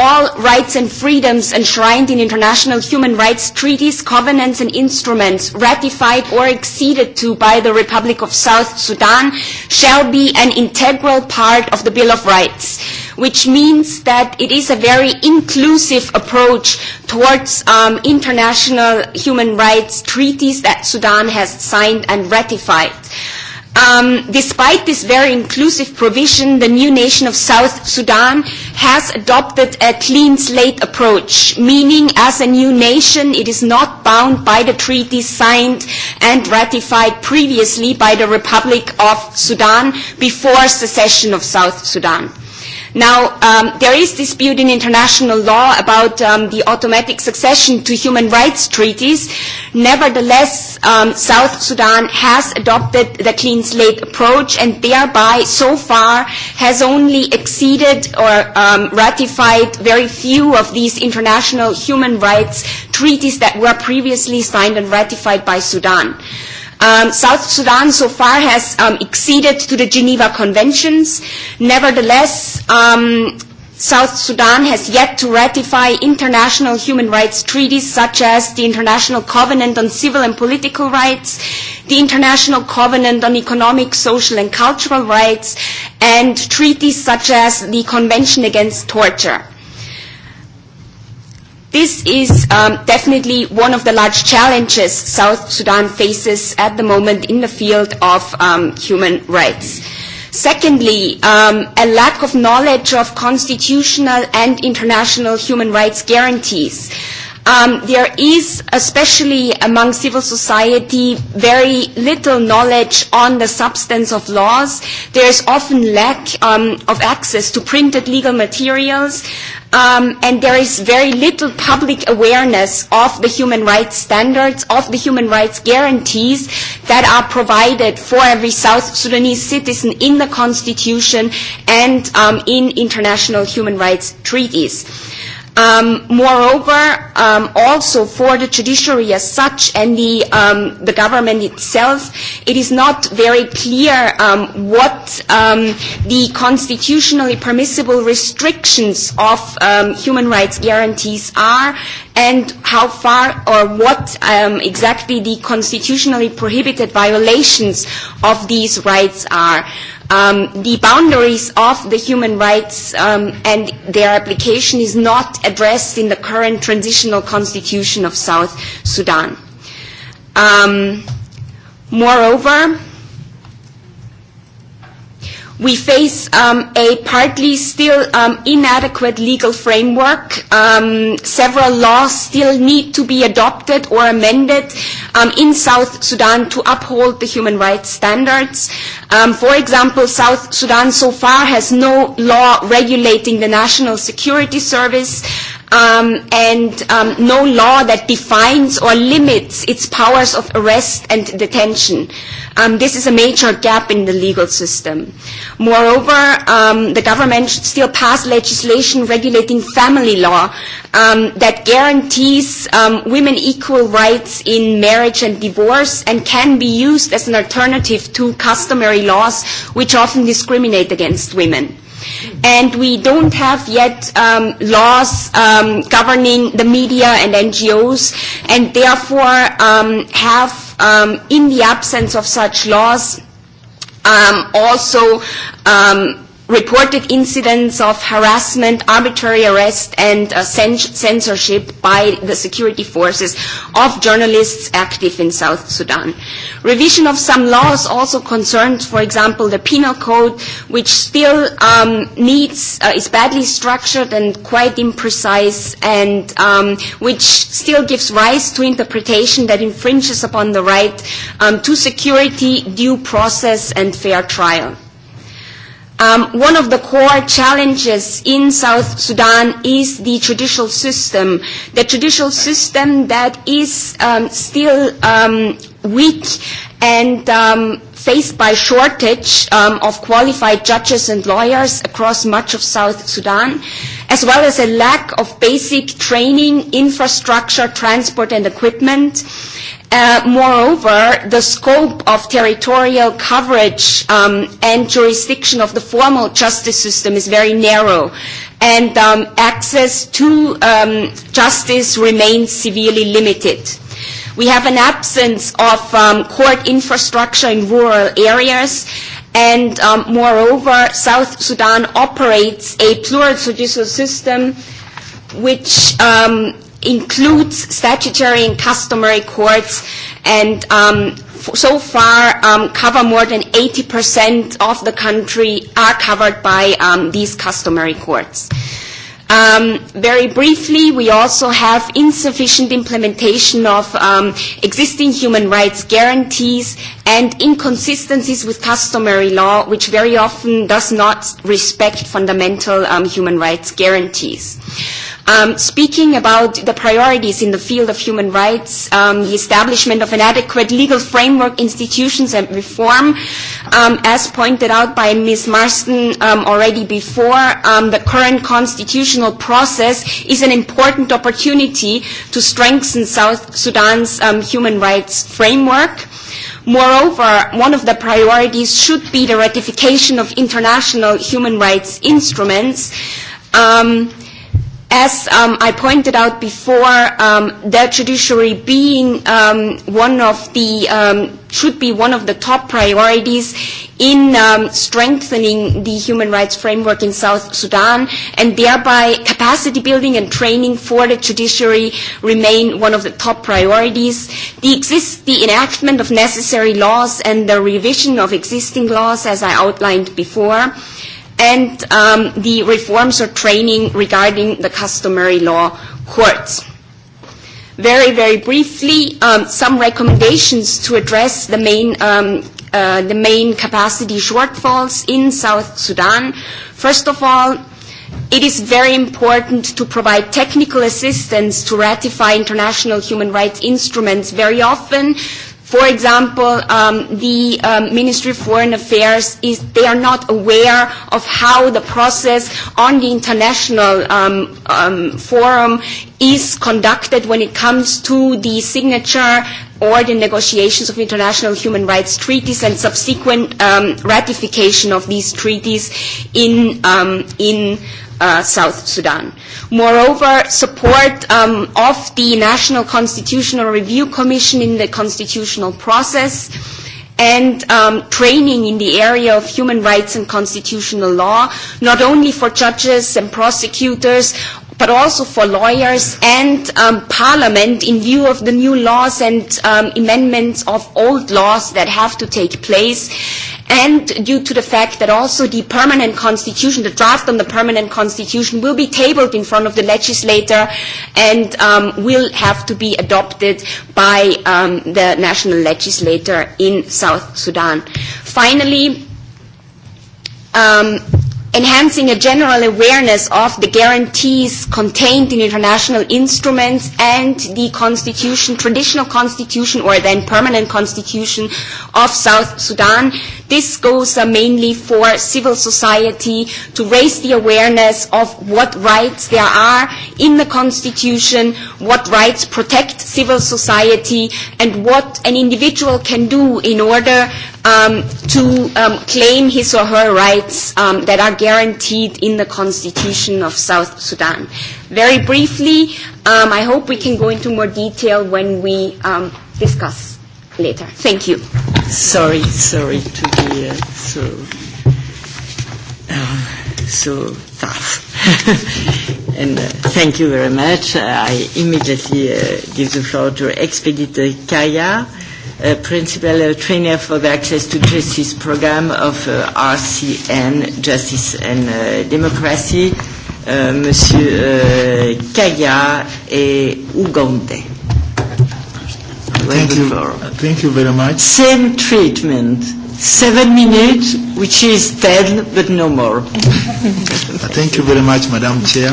all rights and freedoms enshrined in international human rights treaties, covenants and instruments ratified or acceded to by the Republic of South Sudan shall be an integral part of the Bill of Rights which means that it is a very inclusive approach towards um, international human rights treaties that Sudan has signed and ratified. Um, despite this very inclusive provision, the new nation of South Sudan has adopted a clean slate approach, meaning as a new nation it is not bound by the treaties signed and ratified previously by the Republic of Sudan before secession of South Sudan. Now, um, there is dispute in international law about um, the automatic succession to human rights treaties. Nevertheless, um, South Sudan has adopted the clean slate approach and thereby so far has only exceeded or um, ratified very few of these international human rights treaties that were previously signed and ratified by Sudan. Um, South Sudan so far has um, acceded to the Geneva Conventions. Nevertheless, um, South Sudan has yet to ratify international human rights treaties such as the International Covenant on Civil and Political Rights, the International Covenant on Economic, Social and Cultural Rights, and treaties such as the Convention Against Torture. This is um, definitely one of the large challenges South Sudan faces at the moment in the field of um, human rights. Secondly, um, a lack of knowledge of constitutional and international human rights guarantees um, there is, especially among civil society, very little knowledge on the substance of laws. There is often lack um, of access to printed legal materials, um, and there is very little public awareness of the human rights standards, of the human rights guarantees that are provided for every South Sudanese citizen in the constitution and um, in international human rights treaties. Um, moreover, um, also for the judiciary as such and the, um, the government itself, it is not very clear um, what um, the constitutionally permissible restrictions of um, human rights guarantees are and how far or what um, exactly the constitutionally prohibited violations of these rights are. Um, the boundaries of the human rights um, and their application is not addressed in the current transitional constitution of South Sudan. Um, moreover, We face um, a partly still um, inadequate legal framework. Um, several laws still need to be adopted or amended um, in South Sudan to uphold the human rights standards. Um, for example, South Sudan so far has no law regulating the National Security Service um, and um, no law that defines or limits its powers of arrest and detention. Um, this is a major gap in the legal system. Moreover, um, the government should still pass legislation regulating family law um, that guarantees um, women equal rights in marriage and divorce and can be used as an alternative to customary laws which often discriminate against women. And we don't have yet um, laws um, governing the media and NGOs, and therefore um, have, um, in the absence of such laws, um, also um, reported incidents of harassment, arbitrary arrest, and uh, censorship by the security forces of journalists active in South Sudan. Revision of some laws also concerns, for example, the penal code, which still um, needs, uh, is badly structured and quite imprecise, and um, which still gives rise to interpretation that infringes upon the right um, to security, due process, and fair trial. Um, one of the core challenges in South Sudan is the judicial system, the judicial system that is um, still um, weak and um, faced by shortage um, of qualified judges and lawyers across much of South Sudan, as well as a lack of basic training, infrastructure, transport and equipment Uh, moreover, the scope of territorial coverage um, and jurisdiction of the formal justice system is very narrow, and um, access to um, justice remains severely limited. We have an absence of um, court infrastructure in rural areas, and um, moreover, South Sudan operates a plural judicial system which um, includes statutory and customary courts and um, so far um, cover more than 80% of the country are covered by um, these customary courts. Um, very briefly, we also have insufficient implementation of um, existing human rights guarantees and inconsistencies with customary law, which very often does not respect fundamental um, human rights guarantees. Um, speaking about the priorities in the field of human rights, um, the establishment of an adequate legal framework, institutions and reform, um, as pointed out by Ms. Marston um, already before, um, the current constitutional process is an important opportunity to strengthen South Sudan's um, human rights framework. Moreover, one of the priorities should be the ratification of international human rights instruments. Um, As um, I pointed out before, um, the judiciary being um, one of the, um, should be one of the top priorities in um, strengthening the human rights framework in South Sudan and thereby capacity building and training for the judiciary remain one of the top priorities. The, exist, the enactment of necessary laws and the revision of existing laws as I outlined before and um, the reforms or training regarding the customary law courts. Very, very briefly, um, some recommendations to address the main, um, uh, the main capacity shortfalls in South Sudan. First of all, it is very important to provide technical assistance to ratify international human rights instruments very often For example, um, the um, Ministry of Foreign Affairs is they are not aware of how the process on the international um, um, forum is conducted when it comes to the signature or the negotiations of international human rights treaties and subsequent um, ratification of these treaties in, um, in Uh, South Sudan. Moreover, support um, of the National Constitutional Review Commission in the constitutional process and um, training in the area of human rights and constitutional law, not only for judges and prosecutors, but also for lawyers and um, parliament in view of the new laws and um, amendments of old laws that have to take place and due to the fact that also the permanent constitution, the draft on the permanent constitution will be tabled in front of the legislator and um, will have to be adopted by um, the national legislator in South Sudan. Finally, um, enhancing a general awareness of the guarantees contained in international instruments and the constitution, traditional constitution or then permanent constitution of South Sudan. This goes uh, mainly for civil society to raise the awareness of what rights there are in the constitution, what rights protect civil society and what an individual can do in order um, to um, claim his or her rights um, that are guaranteed in the Constitution of South Sudan. Very briefly, um, I hope we can go into more detail when we um, discuss later. Thank you. Sorry, sorry to be uh, so, uh, so tough. and uh, thank you very much. I immediately uh, give the floor to Expedite Kaya uh, principal uh, trainer for the Access to Justice program of uh, RCN, Justice and uh, Democracy, uh, Monsieur uh, Kaya et Ugonde. Thank you. Thank you very much. Same treatment. Seven minutes, which is ten, but no more. Thank you very much, Madam Chair.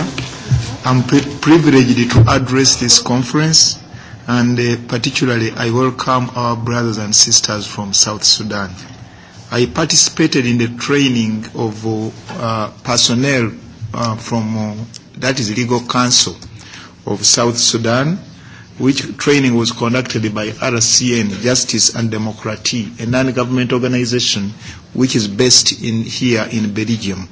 I'm pri privileged to address this conference And uh, particularly, I welcome our brothers and sisters from South Sudan. I participated in the training of uh, uh, personnel uh, from, uh, that is Legal Council of South Sudan, which training was conducted by RCN, Justice and Democracy, a non-government organization which is based in, here in Belgium.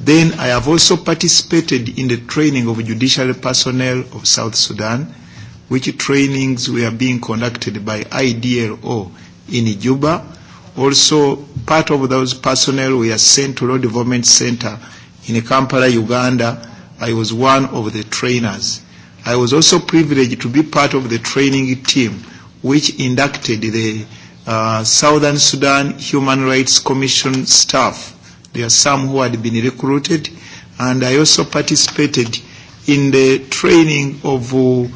Then I have also participated in the training of judicial personnel of South Sudan, which trainings were being conducted by IDLO in Juba. Also, part of those personnel were sent to Law Development Center in Kampala, Uganda. I was one of the trainers. I was also privileged to be part of the training team which inducted the uh, Southern Sudan Human Rights Commission staff. There are some who had been recruited and I also participated in the training of uh,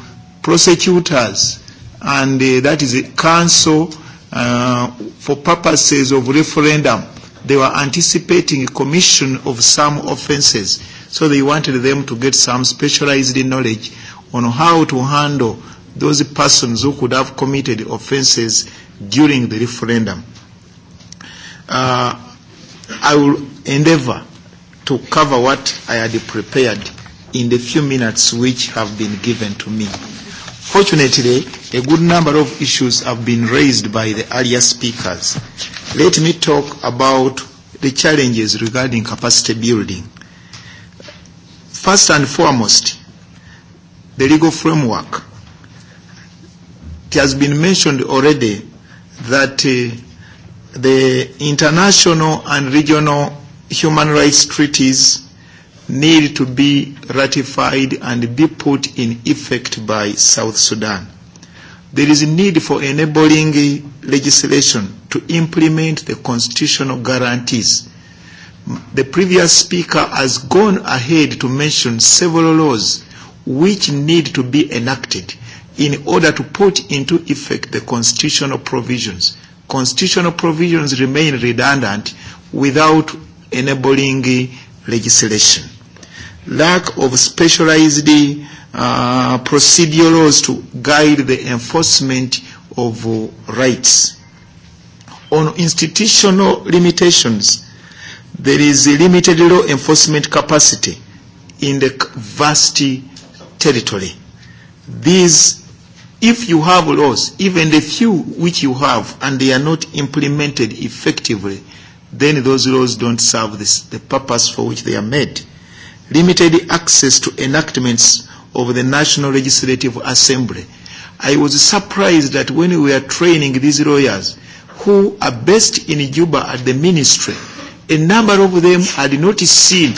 prosecutors, and uh, that is a council uh, for purposes of referendum. They were anticipating a commission of some offenses, so they wanted them to get some specialized knowledge on how to handle those persons who could have committed offenses during the referendum. Uh, I will endeavor to cover what I had prepared in the few minutes which have been given to me. Fortunately, a good number of issues have been raised by the earlier speakers. Let me talk about the challenges regarding capacity building. First and foremost, the legal framework. It has been mentioned already that uh, the international and regional human rights treaties need to be ratified and be put in effect by South Sudan. There is a need for enabling legislation to implement the constitutional guarantees. The previous speaker has gone ahead to mention several laws which need to be enacted in order to put into effect the constitutional provisions. Constitutional provisions remain redundant without enabling legislation lack of specialized uh, procedurals to guide the enforcement of uh, rights. On institutional limitations, there is a limited law enforcement capacity in the vast territory. These, if you have laws, even the few which you have, and they are not implemented effectively, then those laws don't serve this, the purpose for which they are made limited access to enactments of the National Legislative Assembly. I was surprised that when we were training these lawyers who are based in Juba at the ministry, a number of them had not seen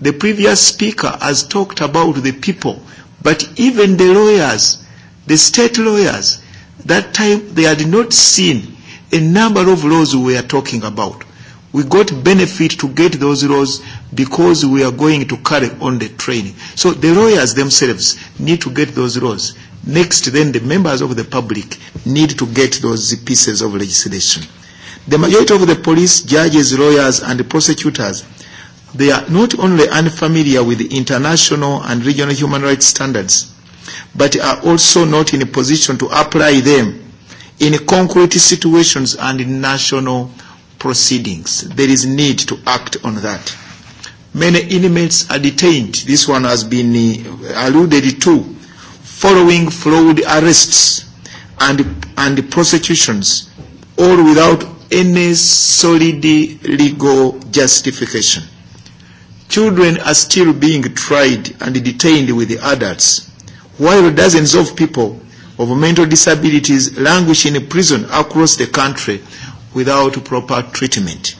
the previous speaker has talked about the people, but even the lawyers, the state lawyers, that time they had not seen a number of laws we are talking about. We got benefit to get those laws because we are going to carry on the training. So the lawyers themselves need to get those laws. Next, then the members of the public need to get those pieces of legislation. The majority of the police, judges, lawyers, and the prosecutors, they are not only unfamiliar with the international and regional human rights standards, but are also not in a position to apply them in concrete situations and in national proceedings. There is need to act on that. Many inmates are detained. This one has been uh, alluded to following fraud arrests and, and prosecutions, all without any solid legal justification. Children are still being tried and detained with the adults, while dozens of people of mental disabilities languish in prison across the country without proper treatment.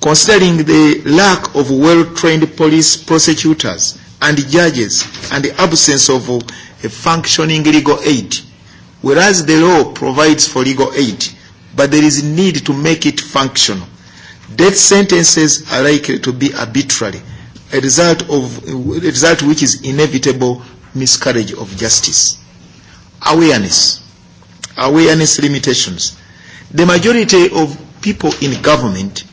Considering the lack of well-trained police prosecutors and judges and the absence of a functioning legal aid, whereas the law provides for legal aid, but there is a need to make it functional. Death sentences are likely to be arbitrary, a result, of, a result which is inevitable miscarriage of justice. Awareness. Awareness limitations The majority of people in government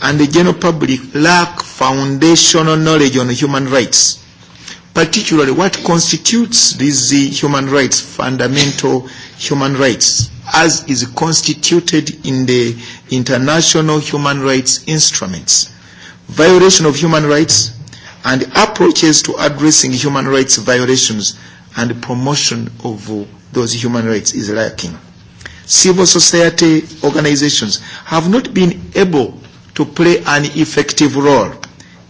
and the general public lack foundational knowledge on human rights, particularly what constitutes these human rights, fundamental human rights, as is constituted in the international human rights instruments. Violation of human rights and approaches to addressing human rights violations and promotion of those human rights is lacking civil society organizations have not been able to play an effective role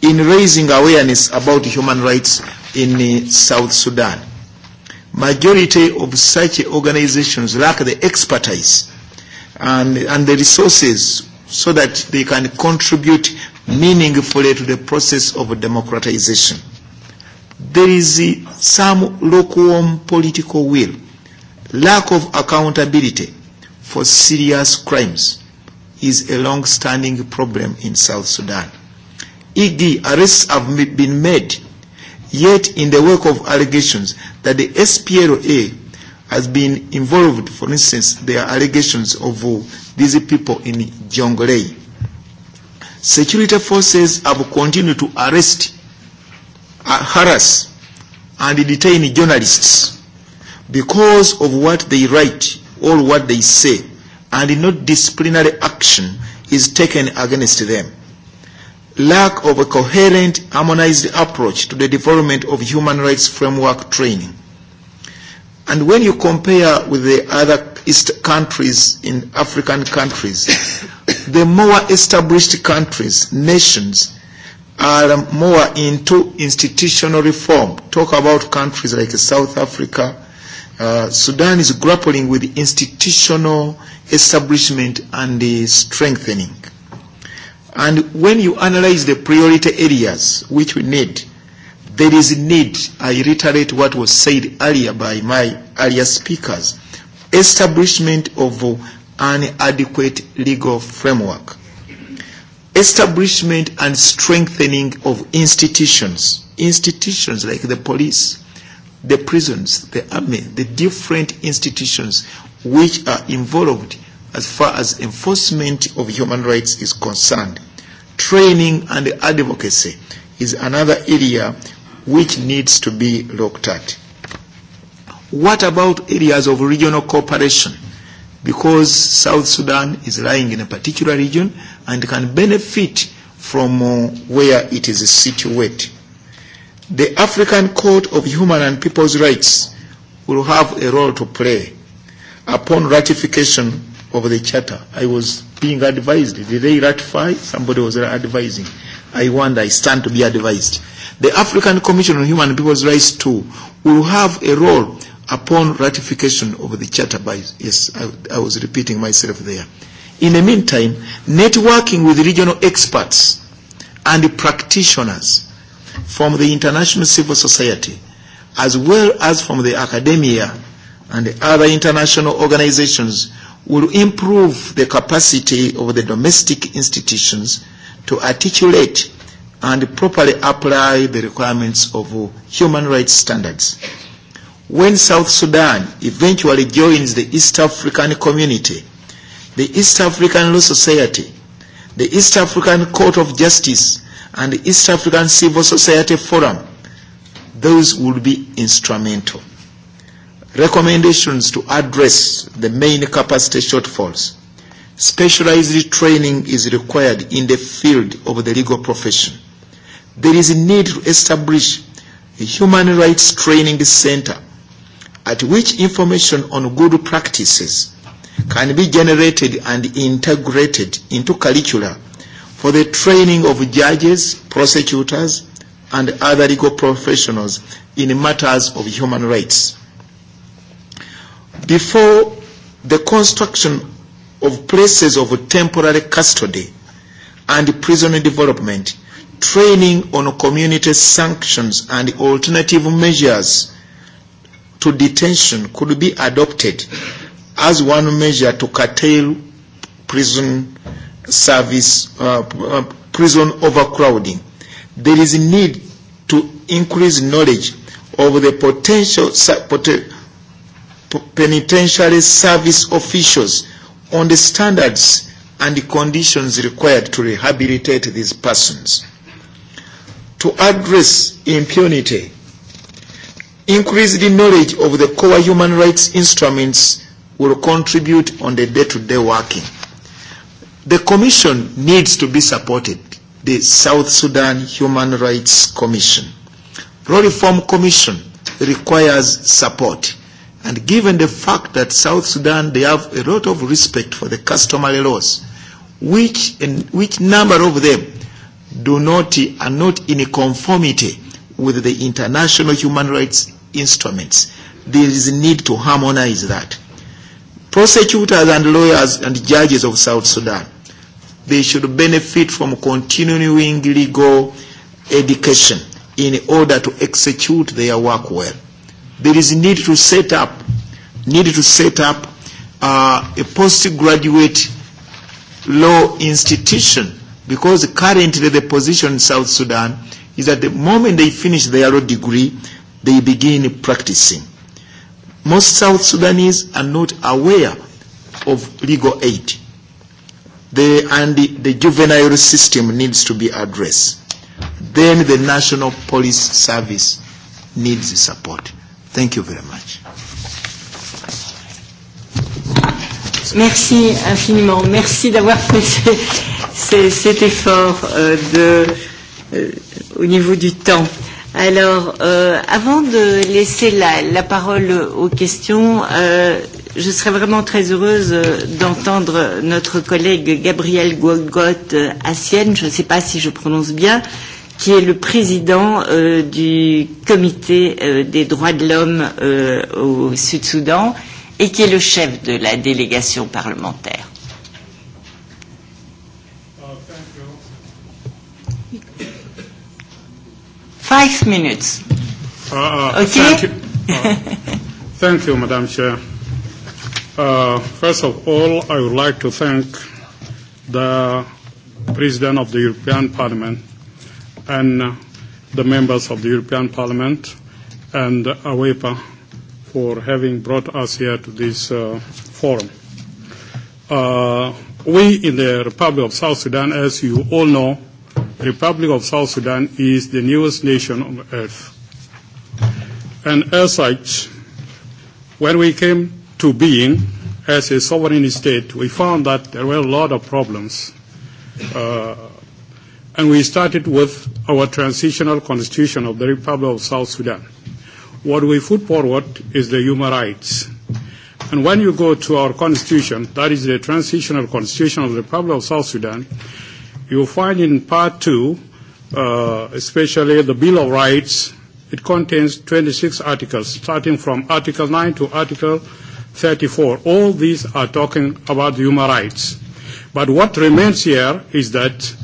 in raising awareness about human rights in uh, South Sudan. Majority of such organizations lack the expertise and, and the resources so that they can contribute meaningfully to the process of democratization. There is uh, some lukewarm political will, lack of accountability, for serious crimes is a long-standing problem in South Sudan. ED arrests have been made, yet in the wake of allegations that the SPLA has been involved, for instance, there are allegations of uh, these people in Jonglei. Security forces have continued to arrest, uh, harass, and detain journalists because of what they write all what they say, and no disciplinary action is taken against them. Lack of a coherent, harmonized approach to the development of human rights framework training. And when you compare with the other East countries in African countries, the more established countries, nations, are more into institutional reform. Talk about countries like South Africa, Uh, Sudan is grappling with the institutional establishment and the strengthening. And when you analyze the priority areas which we need, there is a need, I reiterate what was said earlier by my earlier speakers, establishment of an adequate legal framework, establishment and strengthening of institutions, institutions like the police, the prisons, the army, the different institutions which are involved as far as enforcement of human rights is concerned. Training and advocacy is another area which needs to be looked at. What about areas of regional cooperation? Because South Sudan is lying in a particular region and can benefit from uh, where it is situated the African Court of Human and People's Rights will have a role to play upon ratification of the charter. I was being advised. Did they ratify? Somebody was advising. I wonder, I stand to be advised. The African Commission on Human and People's Rights too will have a role upon ratification of the charter by, yes, I, I was repeating myself there. In the meantime, networking with regional experts and practitioners from the international civil society, as well as from the academia and the other international organizations, will improve the capacity of the domestic institutions to articulate and properly apply the requirements of human rights standards. When South Sudan eventually joins the East African community, the East African Law Society, the East African Court of Justice, and the East African Civil Society Forum. Those will be instrumental. Recommendations to address the main capacity shortfalls. Specialized training is required in the field of the legal profession. There is a need to establish a human rights training center at which information on good practices can be generated and integrated into curricula for the training of judges, prosecutors, and other legal professionals in matters of human rights. Before the construction of places of temporary custody and prison development, training on community sanctions and alternative measures to detention could be adopted as one measure to curtail prison service, uh, uh, prison overcrowding. There is a need to increase knowledge of the potential penitentiary service officials on the standards and the conditions required to rehabilitate these persons. To address impunity, increase the knowledge of the core human rights instruments will contribute on the day-to-day -day working. The Commission needs to be supported, the South Sudan Human Rights Commission. Law Reform Commission requires support. And given the fact that South Sudan, they have a lot of respect for the customary laws, which, and which number of them do not, are not in conformity with the international human rights instruments. There is a need to harmonize that. Prosecutors and lawyers and judges of South Sudan they should benefit from continuing legal education in order to execute their work well. There is need to set up, need to set up uh, a postgraduate law institution because currently the position in South Sudan is that the moment they finish their law degree, they begin practicing. Most South Sudanese are not aware of legal aid the, and the, the juvenile system needs to be addressed. Then the National Police Service needs support. Thank you very much. Merci infiniment. Merci d'avoir fait ce, cet effort euh, de, euh, au niveau du temps. Alors, euh, avant de laisser la, la parole aux questions, euh, je serais vraiment très heureuse euh, d'entendre notre collègue Gabriel Gogot euh, à Sienne, je ne sais pas si je prononce bien, qui est le président euh, du comité euh, des droits de l'homme euh, au Sud-Soudan et qui est le chef de la délégation parlementaire. Five minutes. Uh, uh, okay? Thank you. Uh, thank you, Madam Chair. Uh, first of all, I would like to thank the President of the European Parliament and uh, the members of the European Parliament and AWEPA e for having brought us here to this uh, forum. Uh, we in the Republic of South Sudan, as you all know, the Republic of South Sudan is the newest nation on earth. And as such, when we came to being as a sovereign state, we found that there were a lot of problems. Uh, and we started with our transitional constitution of the Republic of South Sudan. What we put forward is the human rights. And when you go to our constitution, that is the transitional constitution of the Republic of South Sudan, you find in part two, uh, especially the Bill of Rights, it contains 26 articles, starting from Article 9 to Article 34. All these are talking about human rights. But what remains here is that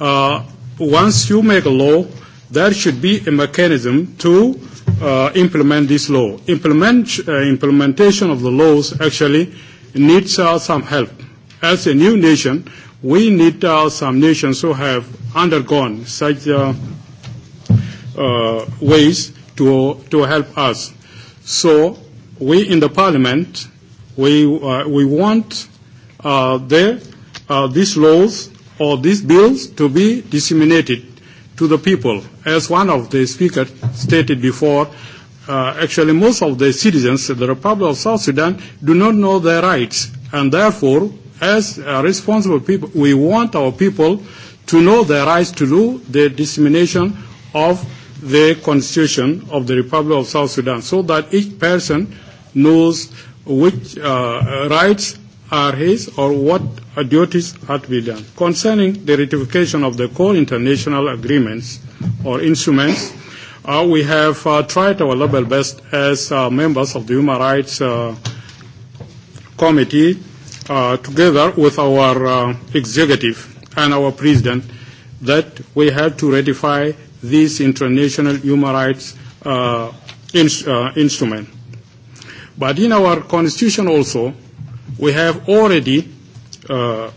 uh, once you make a law, there should be a mechanism to uh, implement this law. Implement, uh, implementation of the laws actually needs uh, some help. As a new nation, we need uh, some nations who have undergone such uh, uh, ways to, to help us. So we in the parliament, we, uh, we want uh, the, uh, these laws or these bills to be disseminated to the people. As one of the speakers stated before, uh, actually most of the citizens of the Republic of South Sudan do not know their rights. And therefore, as uh, responsible people, we want our people to know their rights to do the dissemination of the constitution of the Republic of South Sudan so that each person knows which uh, rights are his or what duties are to be done. Concerning the ratification of the core international agreements or instruments, uh, we have uh, tried our level best as uh, members of the Human Rights uh, Committee uh, together with our uh, executive and our president that we have to ratify these international human rights uh, in, uh, instrument. But in our constitution also, we have already uh,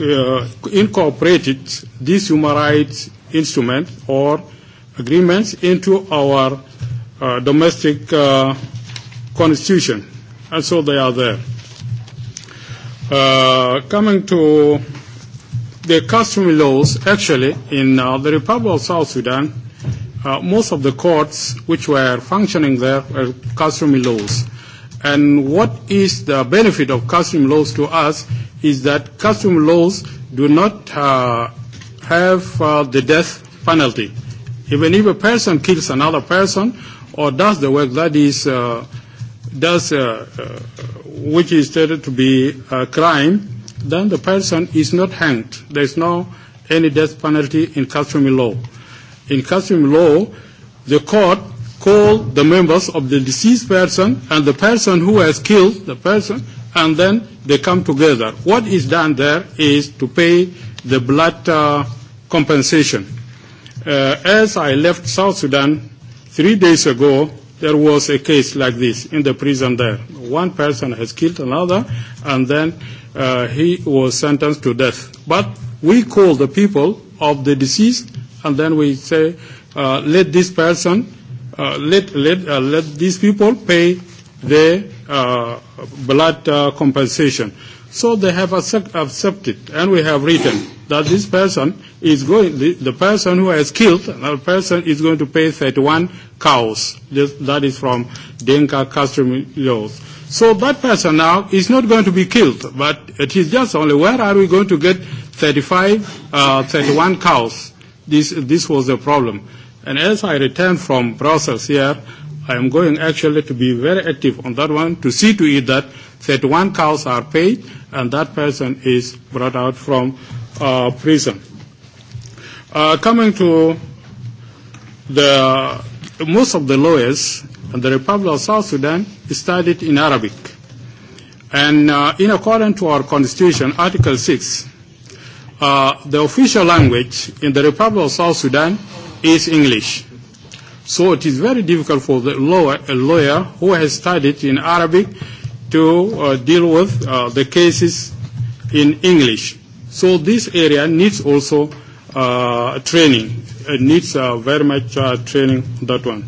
uh, incorporated this human rights instrument or agreements into our uh, domestic uh, constitution. And so they are there. Uh, coming to the customary laws, actually, in uh, the Republic of South Sudan, Uh, most of the courts which were functioning there were customary laws. And what is the benefit of custom laws to us is that custom laws do not uh, have uh, the death penalty. Even if a person kills another person or does the work that is uh, does uh, uh, which is stated to be a crime, then the person is not hanged. There is no any death penalty in customary law. In custom law, the court called the members of the deceased person and the person who has killed the person, and then they come together. What is done there is to pay the blood uh, compensation. Uh, as I left South Sudan three days ago, there was a case like this in the prison there. One person has killed another, and then uh, he was sentenced to death. But we call the people of the deceased and then we say, uh, let this person, uh, let, let, uh, let these people pay their uh, blood uh, compensation. So they have accept, accepted, and we have written that this person is going, the, the person who has killed, that person is going to pay 31 cows. This, that is from Denka Custom laws. So that person now is not going to be killed, but it is just only where are we going to get 35, uh, 31 cows? This, this was the problem. And as I return from Brussels here, I am going actually to be very active on that one to see to it that 31 cows are paid and that person is brought out from uh, prison. Uh, coming to the most of the lawyers in the Republic of South Sudan studied in Arabic. And uh, in accordance to our constitution, Article 6, Uh, the official language in the Republic of South Sudan is English. So it is very difficult for the lawyer, a lawyer who has studied in Arabic to uh, deal with uh, the cases in English. So this area needs also uh, training. It needs uh, very much uh, training, that one.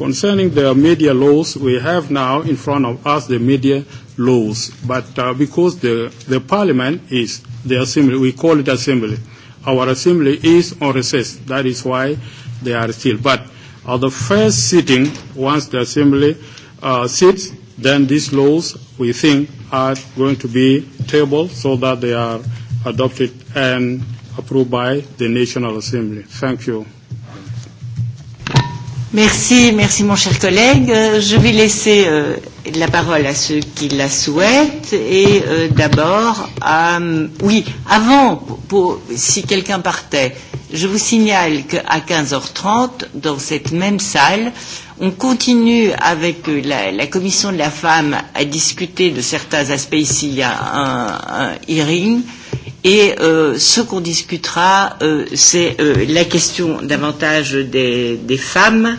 Concerning the media laws, we have now in front of us the media laws, but uh, because the, the parliament is the assembly, we call it assembly. Our assembly is on recess. That is why they are still. But uh, the first sitting, once the assembly uh, sits, then these laws we think are going to be tabled so that they are adopted and approved by the National Assembly. Thank you. Merci, merci mon cher collègue. Euh, je vais laisser euh, la parole à ceux qui la souhaitent et euh, d'abord à oui, avant pour, si quelqu'un partait, je vous signale qu'à 15h30 dans cette même salle, on continue avec euh, la, la commission de la femme à discuter de certains aspects ici il y a un, un hearing Et euh, ce qu'on discutera, euh, c'est euh, la question davantage des, des femmes.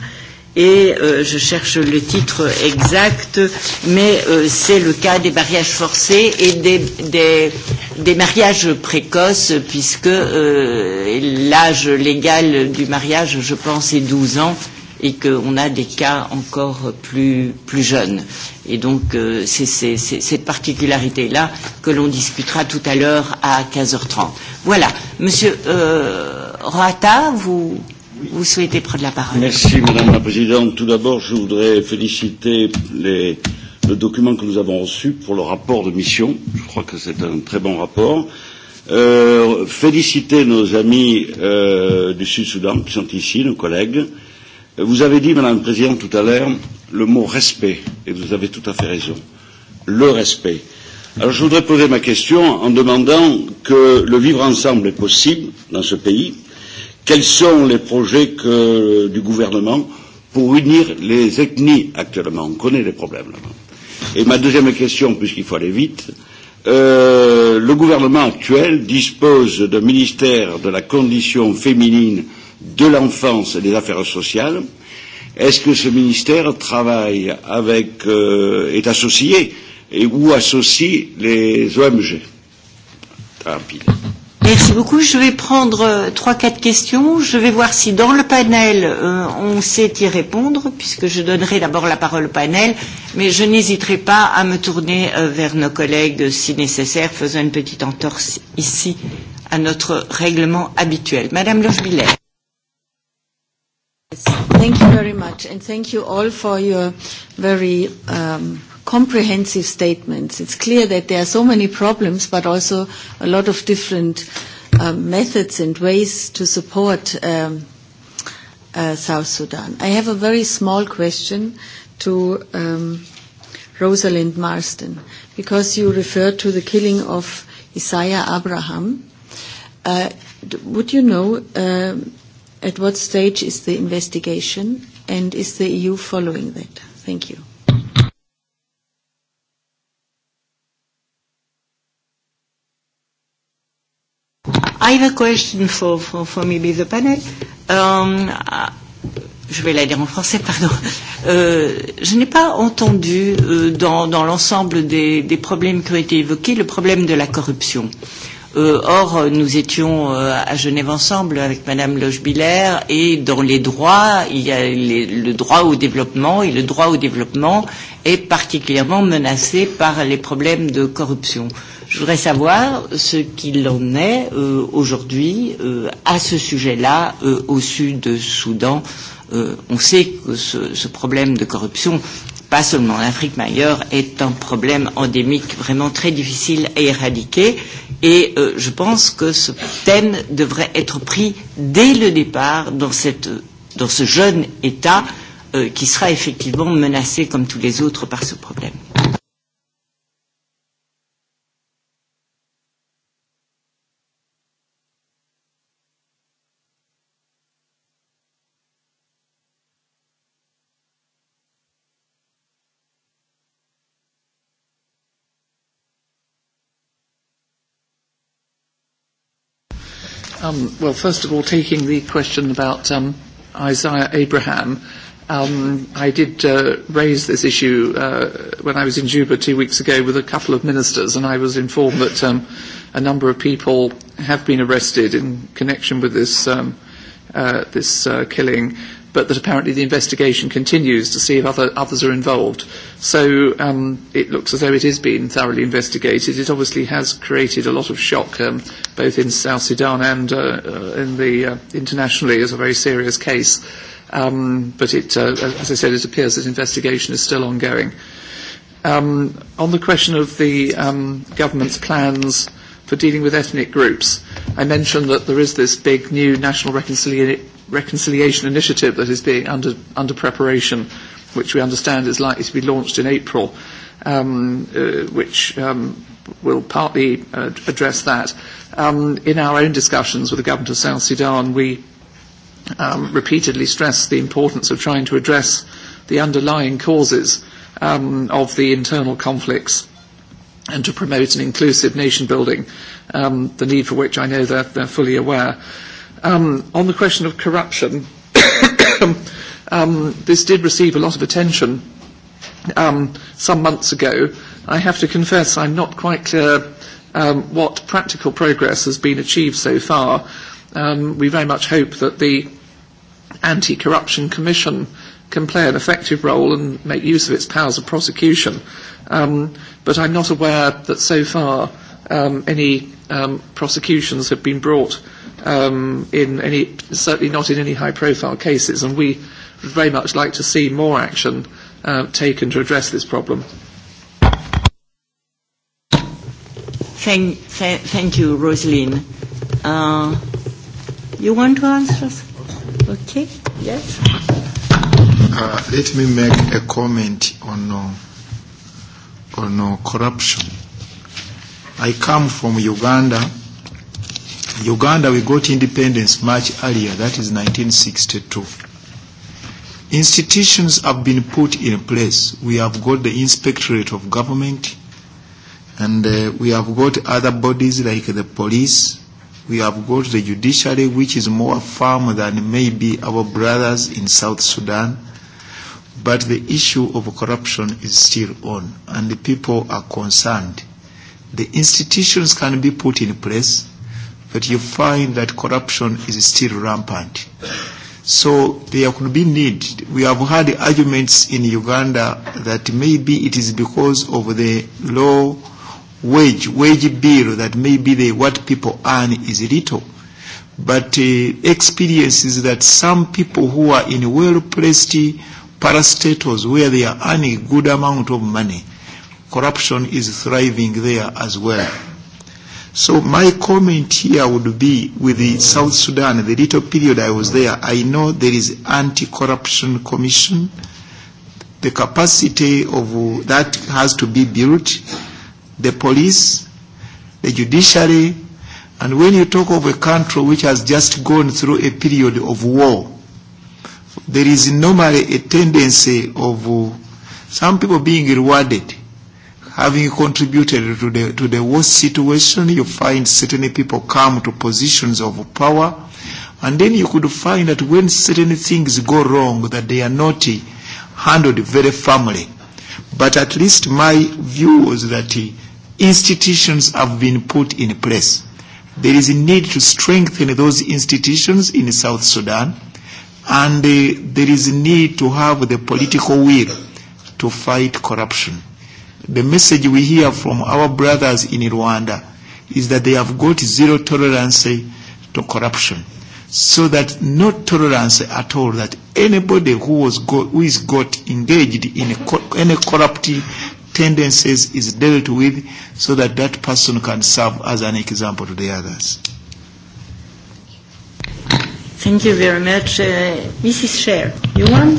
Et euh, je cherche le titre exact, mais euh, c'est le cas des mariages forcés et des, des, des mariages précoces, puisque euh, l'âge légal du mariage, je pense, est 12 ans et qu'on a des cas encore plus, plus jeunes. Et donc euh, c'est cette particularité-là que l'on discutera tout à l'heure à 15h30. Voilà. Monsieur euh, Rata, vous, vous souhaitez prendre la parole. Merci Madame la Présidente. Tout d'abord, je voudrais féliciter les, le document que nous avons reçu pour le rapport de mission. Je crois que c'est un très bon rapport. Euh, féliciter nos amis euh, du Sud-Soudan qui sont ici, nos collègues. Euh, Vous avez dit, Madame la Présidente, tout à l'heure, le mot respect, et vous avez tout à fait raison. Le respect. Alors je voudrais poser ma question en demandant que le vivre ensemble est possible dans ce pays. Quels sont les projets que, du gouvernement pour unir les ethnies actuellement On connaît les problèmes là-bas. Et ma deuxième question, puisqu'il faut aller vite, euh, le gouvernement actuel dispose d'un ministère de la condition féminine de l'enfance et des affaires sociales. Est-ce que ce ministère travaille avec, euh, est associé et ou associe les OMG Merci beaucoup. Je vais prendre euh, trois, quatre questions. Je vais voir si dans le panel, euh, on sait y répondre, puisque je donnerai d'abord la parole au panel, mais je n'hésiterai pas à me tourner euh, vers nos collègues si nécessaire, faisant une petite entorse ici à notre règlement habituel. Madame Lochbiller thank you very much, and thank you all for your very um, comprehensive statements. It's clear that there are so many problems, but also a lot of different um, methods and ways to support um, uh, South Sudan. I have a very small question to um, Rosalind Marston, because you referred to the killing of Isaiah Abraham. Uh, would you know uh At what stage is the investigation and is the EU following that? Thank you. I have a question for, for, for maybe the panel. Um, uh, je vais la dire en français, pardon. Euh, je n'ai pas entendu euh, dans, dans l'ensemble des, des problèmes qui ont été évoqués le problème de la corruption. Euh, Euh, or, euh, nous étions euh, à Genève ensemble avec Madame Biller et dans les droits, il y a les, le droit au développement et le droit au développement est particulièrement menacé par les problèmes de corruption. Je voudrais savoir ce qu'il en est euh, aujourd'hui euh, à ce sujet-là euh, au sud-Soudan. Euh, on sait que ce, ce problème de corruption pas seulement en Afrique mais ailleurs, est un problème endémique vraiment très difficile à éradiquer. Et euh, je pense que ce thème devrait être pris dès le départ dans, cette, dans ce jeune État euh, qui sera effectivement menacé comme tous les autres par ce problème. Well, first of all, taking the question about um, Isaiah Abraham, um, I did uh, raise this issue uh, when I was in Juba two weeks ago with a couple of ministers, and I was informed that um, a number of people have been arrested in connection with this, um, uh, this uh, killing but that apparently the investigation continues to see if other, others are involved. So um, it looks as though it is being thoroughly investigated. It obviously has created a lot of shock, um, both in South Sudan and uh, uh, in the, uh, internationally as a very serious case. Um, but it, uh, as I said, it appears that investigation is still ongoing. Um, on the question of the um, government's plans, for dealing with ethnic groups. I mentioned that there is this big new national reconcilia reconciliation initiative that is being under, under preparation, which we understand is likely to be launched in April, um, uh, which um, will partly uh, address that. Um, in our own discussions with the government of South Sudan, we um, repeatedly stressed the importance of trying to address the underlying causes um, of the internal conflicts and to promote an inclusive nation building, um, the need for which I know they're, they're fully aware. Um, on the question of corruption, um, this did receive a lot of attention um, some months ago. I have to confess I'm not quite clear um, what practical progress has been achieved so far. Um, we very much hope that the Anti-Corruption Commission can play an effective role and make use of its powers of prosecution Um, but I'm not aware that so far um, any um, prosecutions have been brought um, in any, certainly not in any high-profile cases, and we would very much like to see more action uh, taken to address this problem. Thank, th thank you, Rosaline. Uh, you want to answer us? Okay, yes. Uh, let me make a comment on uh, or no corruption. I come from Uganda. Uganda, we got independence much earlier, that is 1962. Institutions have been put in place. We have got the Inspectorate of Government, and uh, we have got other bodies like the police. We have got the judiciary, which is more firm than maybe our brothers in South Sudan But the issue of corruption is still on, and the people are concerned. The institutions can be put in place, but you find that corruption is still rampant. So there could be need. We have had arguments in Uganda that maybe it is because of the low wage, wage bill that maybe the, what people earn is little. But uh, experience is that some people who are in well-placed parastatals where they are earning good amount of money. Corruption is thriving there as well. So my comment here would be with the South Sudan, the little period I was there, I know there is anti-corruption commission. The capacity of that has to be built. The police, the judiciary, and when you talk of a country which has just gone through a period of war, there is normally a tendency of uh, some people being rewarded having contributed to the, to the worst situation, you find certain people come to positions of power, and then you could find that when certain things go wrong, that they are not handled very firmly. But at least my view was that uh, institutions have been put in place. There is a need to strengthen those institutions in South Sudan And uh, there is a need to have the political will to fight corruption. The message we hear from our brothers in Rwanda is that they have got zero tolerance to corruption. So that no tolerance at all that anybody who, was go, who is got engaged in a co any corrupt tendencies is dealt with so that that person can serve as an example to the others. Thank you very much. Uh, Mrs. Sher, you want?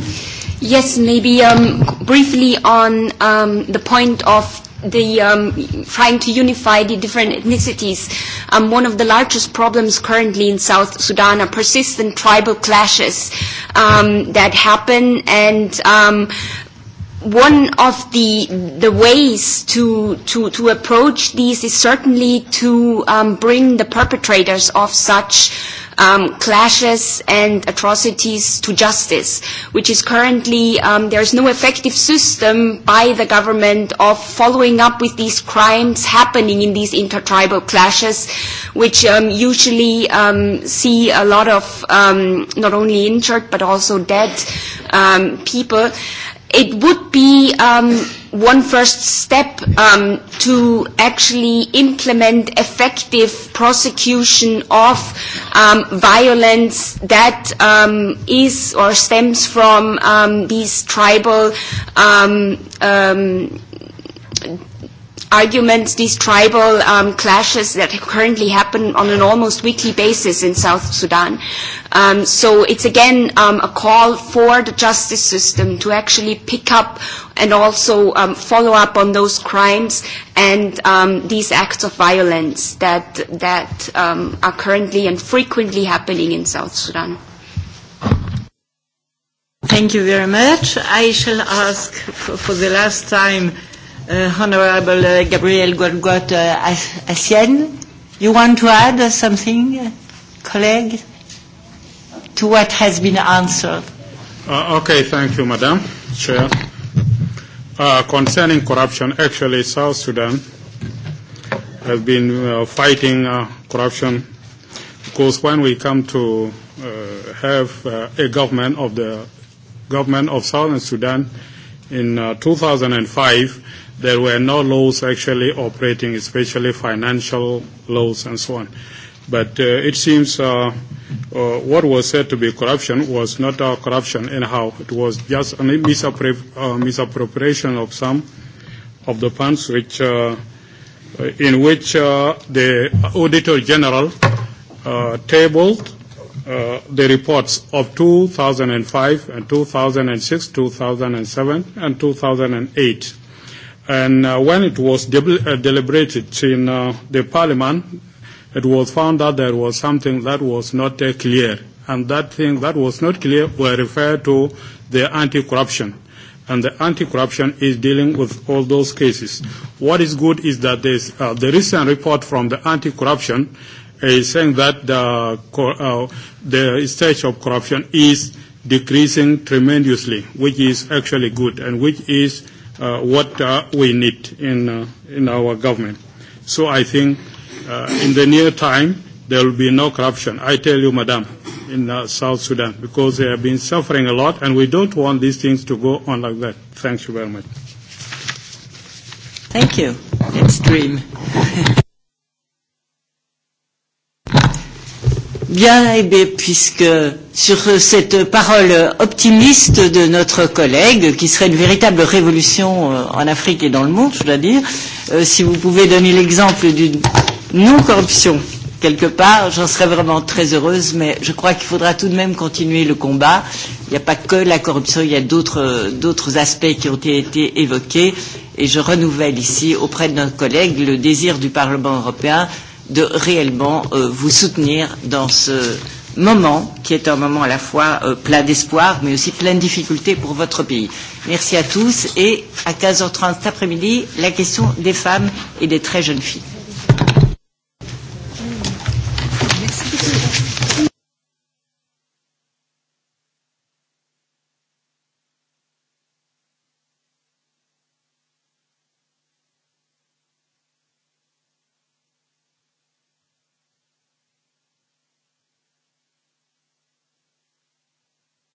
Yes, maybe um, briefly on um, the point of the um, trying to unify the different ethnicities. Um, one of the largest problems currently in South Sudan are persistent tribal clashes um, that happen and um, one of the the ways to to to approach these is certainly to um, bring the perpetrators of such um, clashes and atrocities to justice, which is currently, um, there is no effective system by the government of following up with these crimes happening in these intertribal clashes, which um, usually um, see a lot of um, not only injured but also dead um, people it would be um, one first step um, to actually implement effective prosecution of um, violence that um, is or stems from um, these tribal um, um, arguments, these tribal um, clashes that currently happen on an almost weekly basis in South Sudan. Um, so it's again um, a call for the justice system to actually pick up and also um, follow up on those crimes and um, these acts of violence that, that um, are currently and frequently happening in South Sudan. Thank you very much. I shall ask for, for the last time uh, Honorable uh, Gabriel Guadgot uh, Asien, You want to add uh, something, uh, colleague, to what has been answered? Uh, okay, thank you, Madam Chair. Uh, concerning corruption, actually, South Sudan has been uh, fighting uh, corruption because when we come to uh, have uh, a government of the government of Southern Sudan in uh, 2005, there were no laws actually operating, especially financial laws and so on. But uh, it seems uh, uh, what was said to be corruption was not uh, corruption anyhow. It was just a misappropri uh, misappropriation of some of the funds which, uh, uh, in which uh, the Auditor General uh, tabled uh, the reports of 2005 and 2006, 2007 and 2008 And uh, when it was de uh, deliberated in uh, the parliament, it was found that there was something that was not uh, clear. And that thing that was not clear were referred to the anti-corruption. And the anti-corruption is dealing with all those cases. What is good is that uh, the recent report from the anti-corruption is saying that the, uh, the stage of corruption is decreasing tremendously, which is actually good and which is uh, what uh, we need in, uh, in our government. So I think uh, in the near time, there will be no corruption. I tell you, madam, in uh, South Sudan, because they have been suffering a lot, and we don't want these things to go on like that. Thank you very much. Thank you. Extreme. Bien, et bien, puisque sur cette parole optimiste de notre collègue, qui serait une véritable révolution euh, en Afrique et dans le monde, je dois dire, euh, si vous pouvez donner l'exemple d'une non-corruption quelque part, j'en serais vraiment très heureuse, mais je crois qu'il faudra tout de même continuer le combat. Il n'y a pas que la corruption, il y a d'autres aspects qui ont été évoqués, et je renouvelle ici auprès de notre collègue le désir du Parlement européen de réellement euh, vous soutenir dans ce moment qui est un moment à la fois euh, plein d'espoir mais aussi plein de difficultés pour votre pays. Merci à tous et à 15h30 cet après-midi, la question des femmes et des très jeunes filles.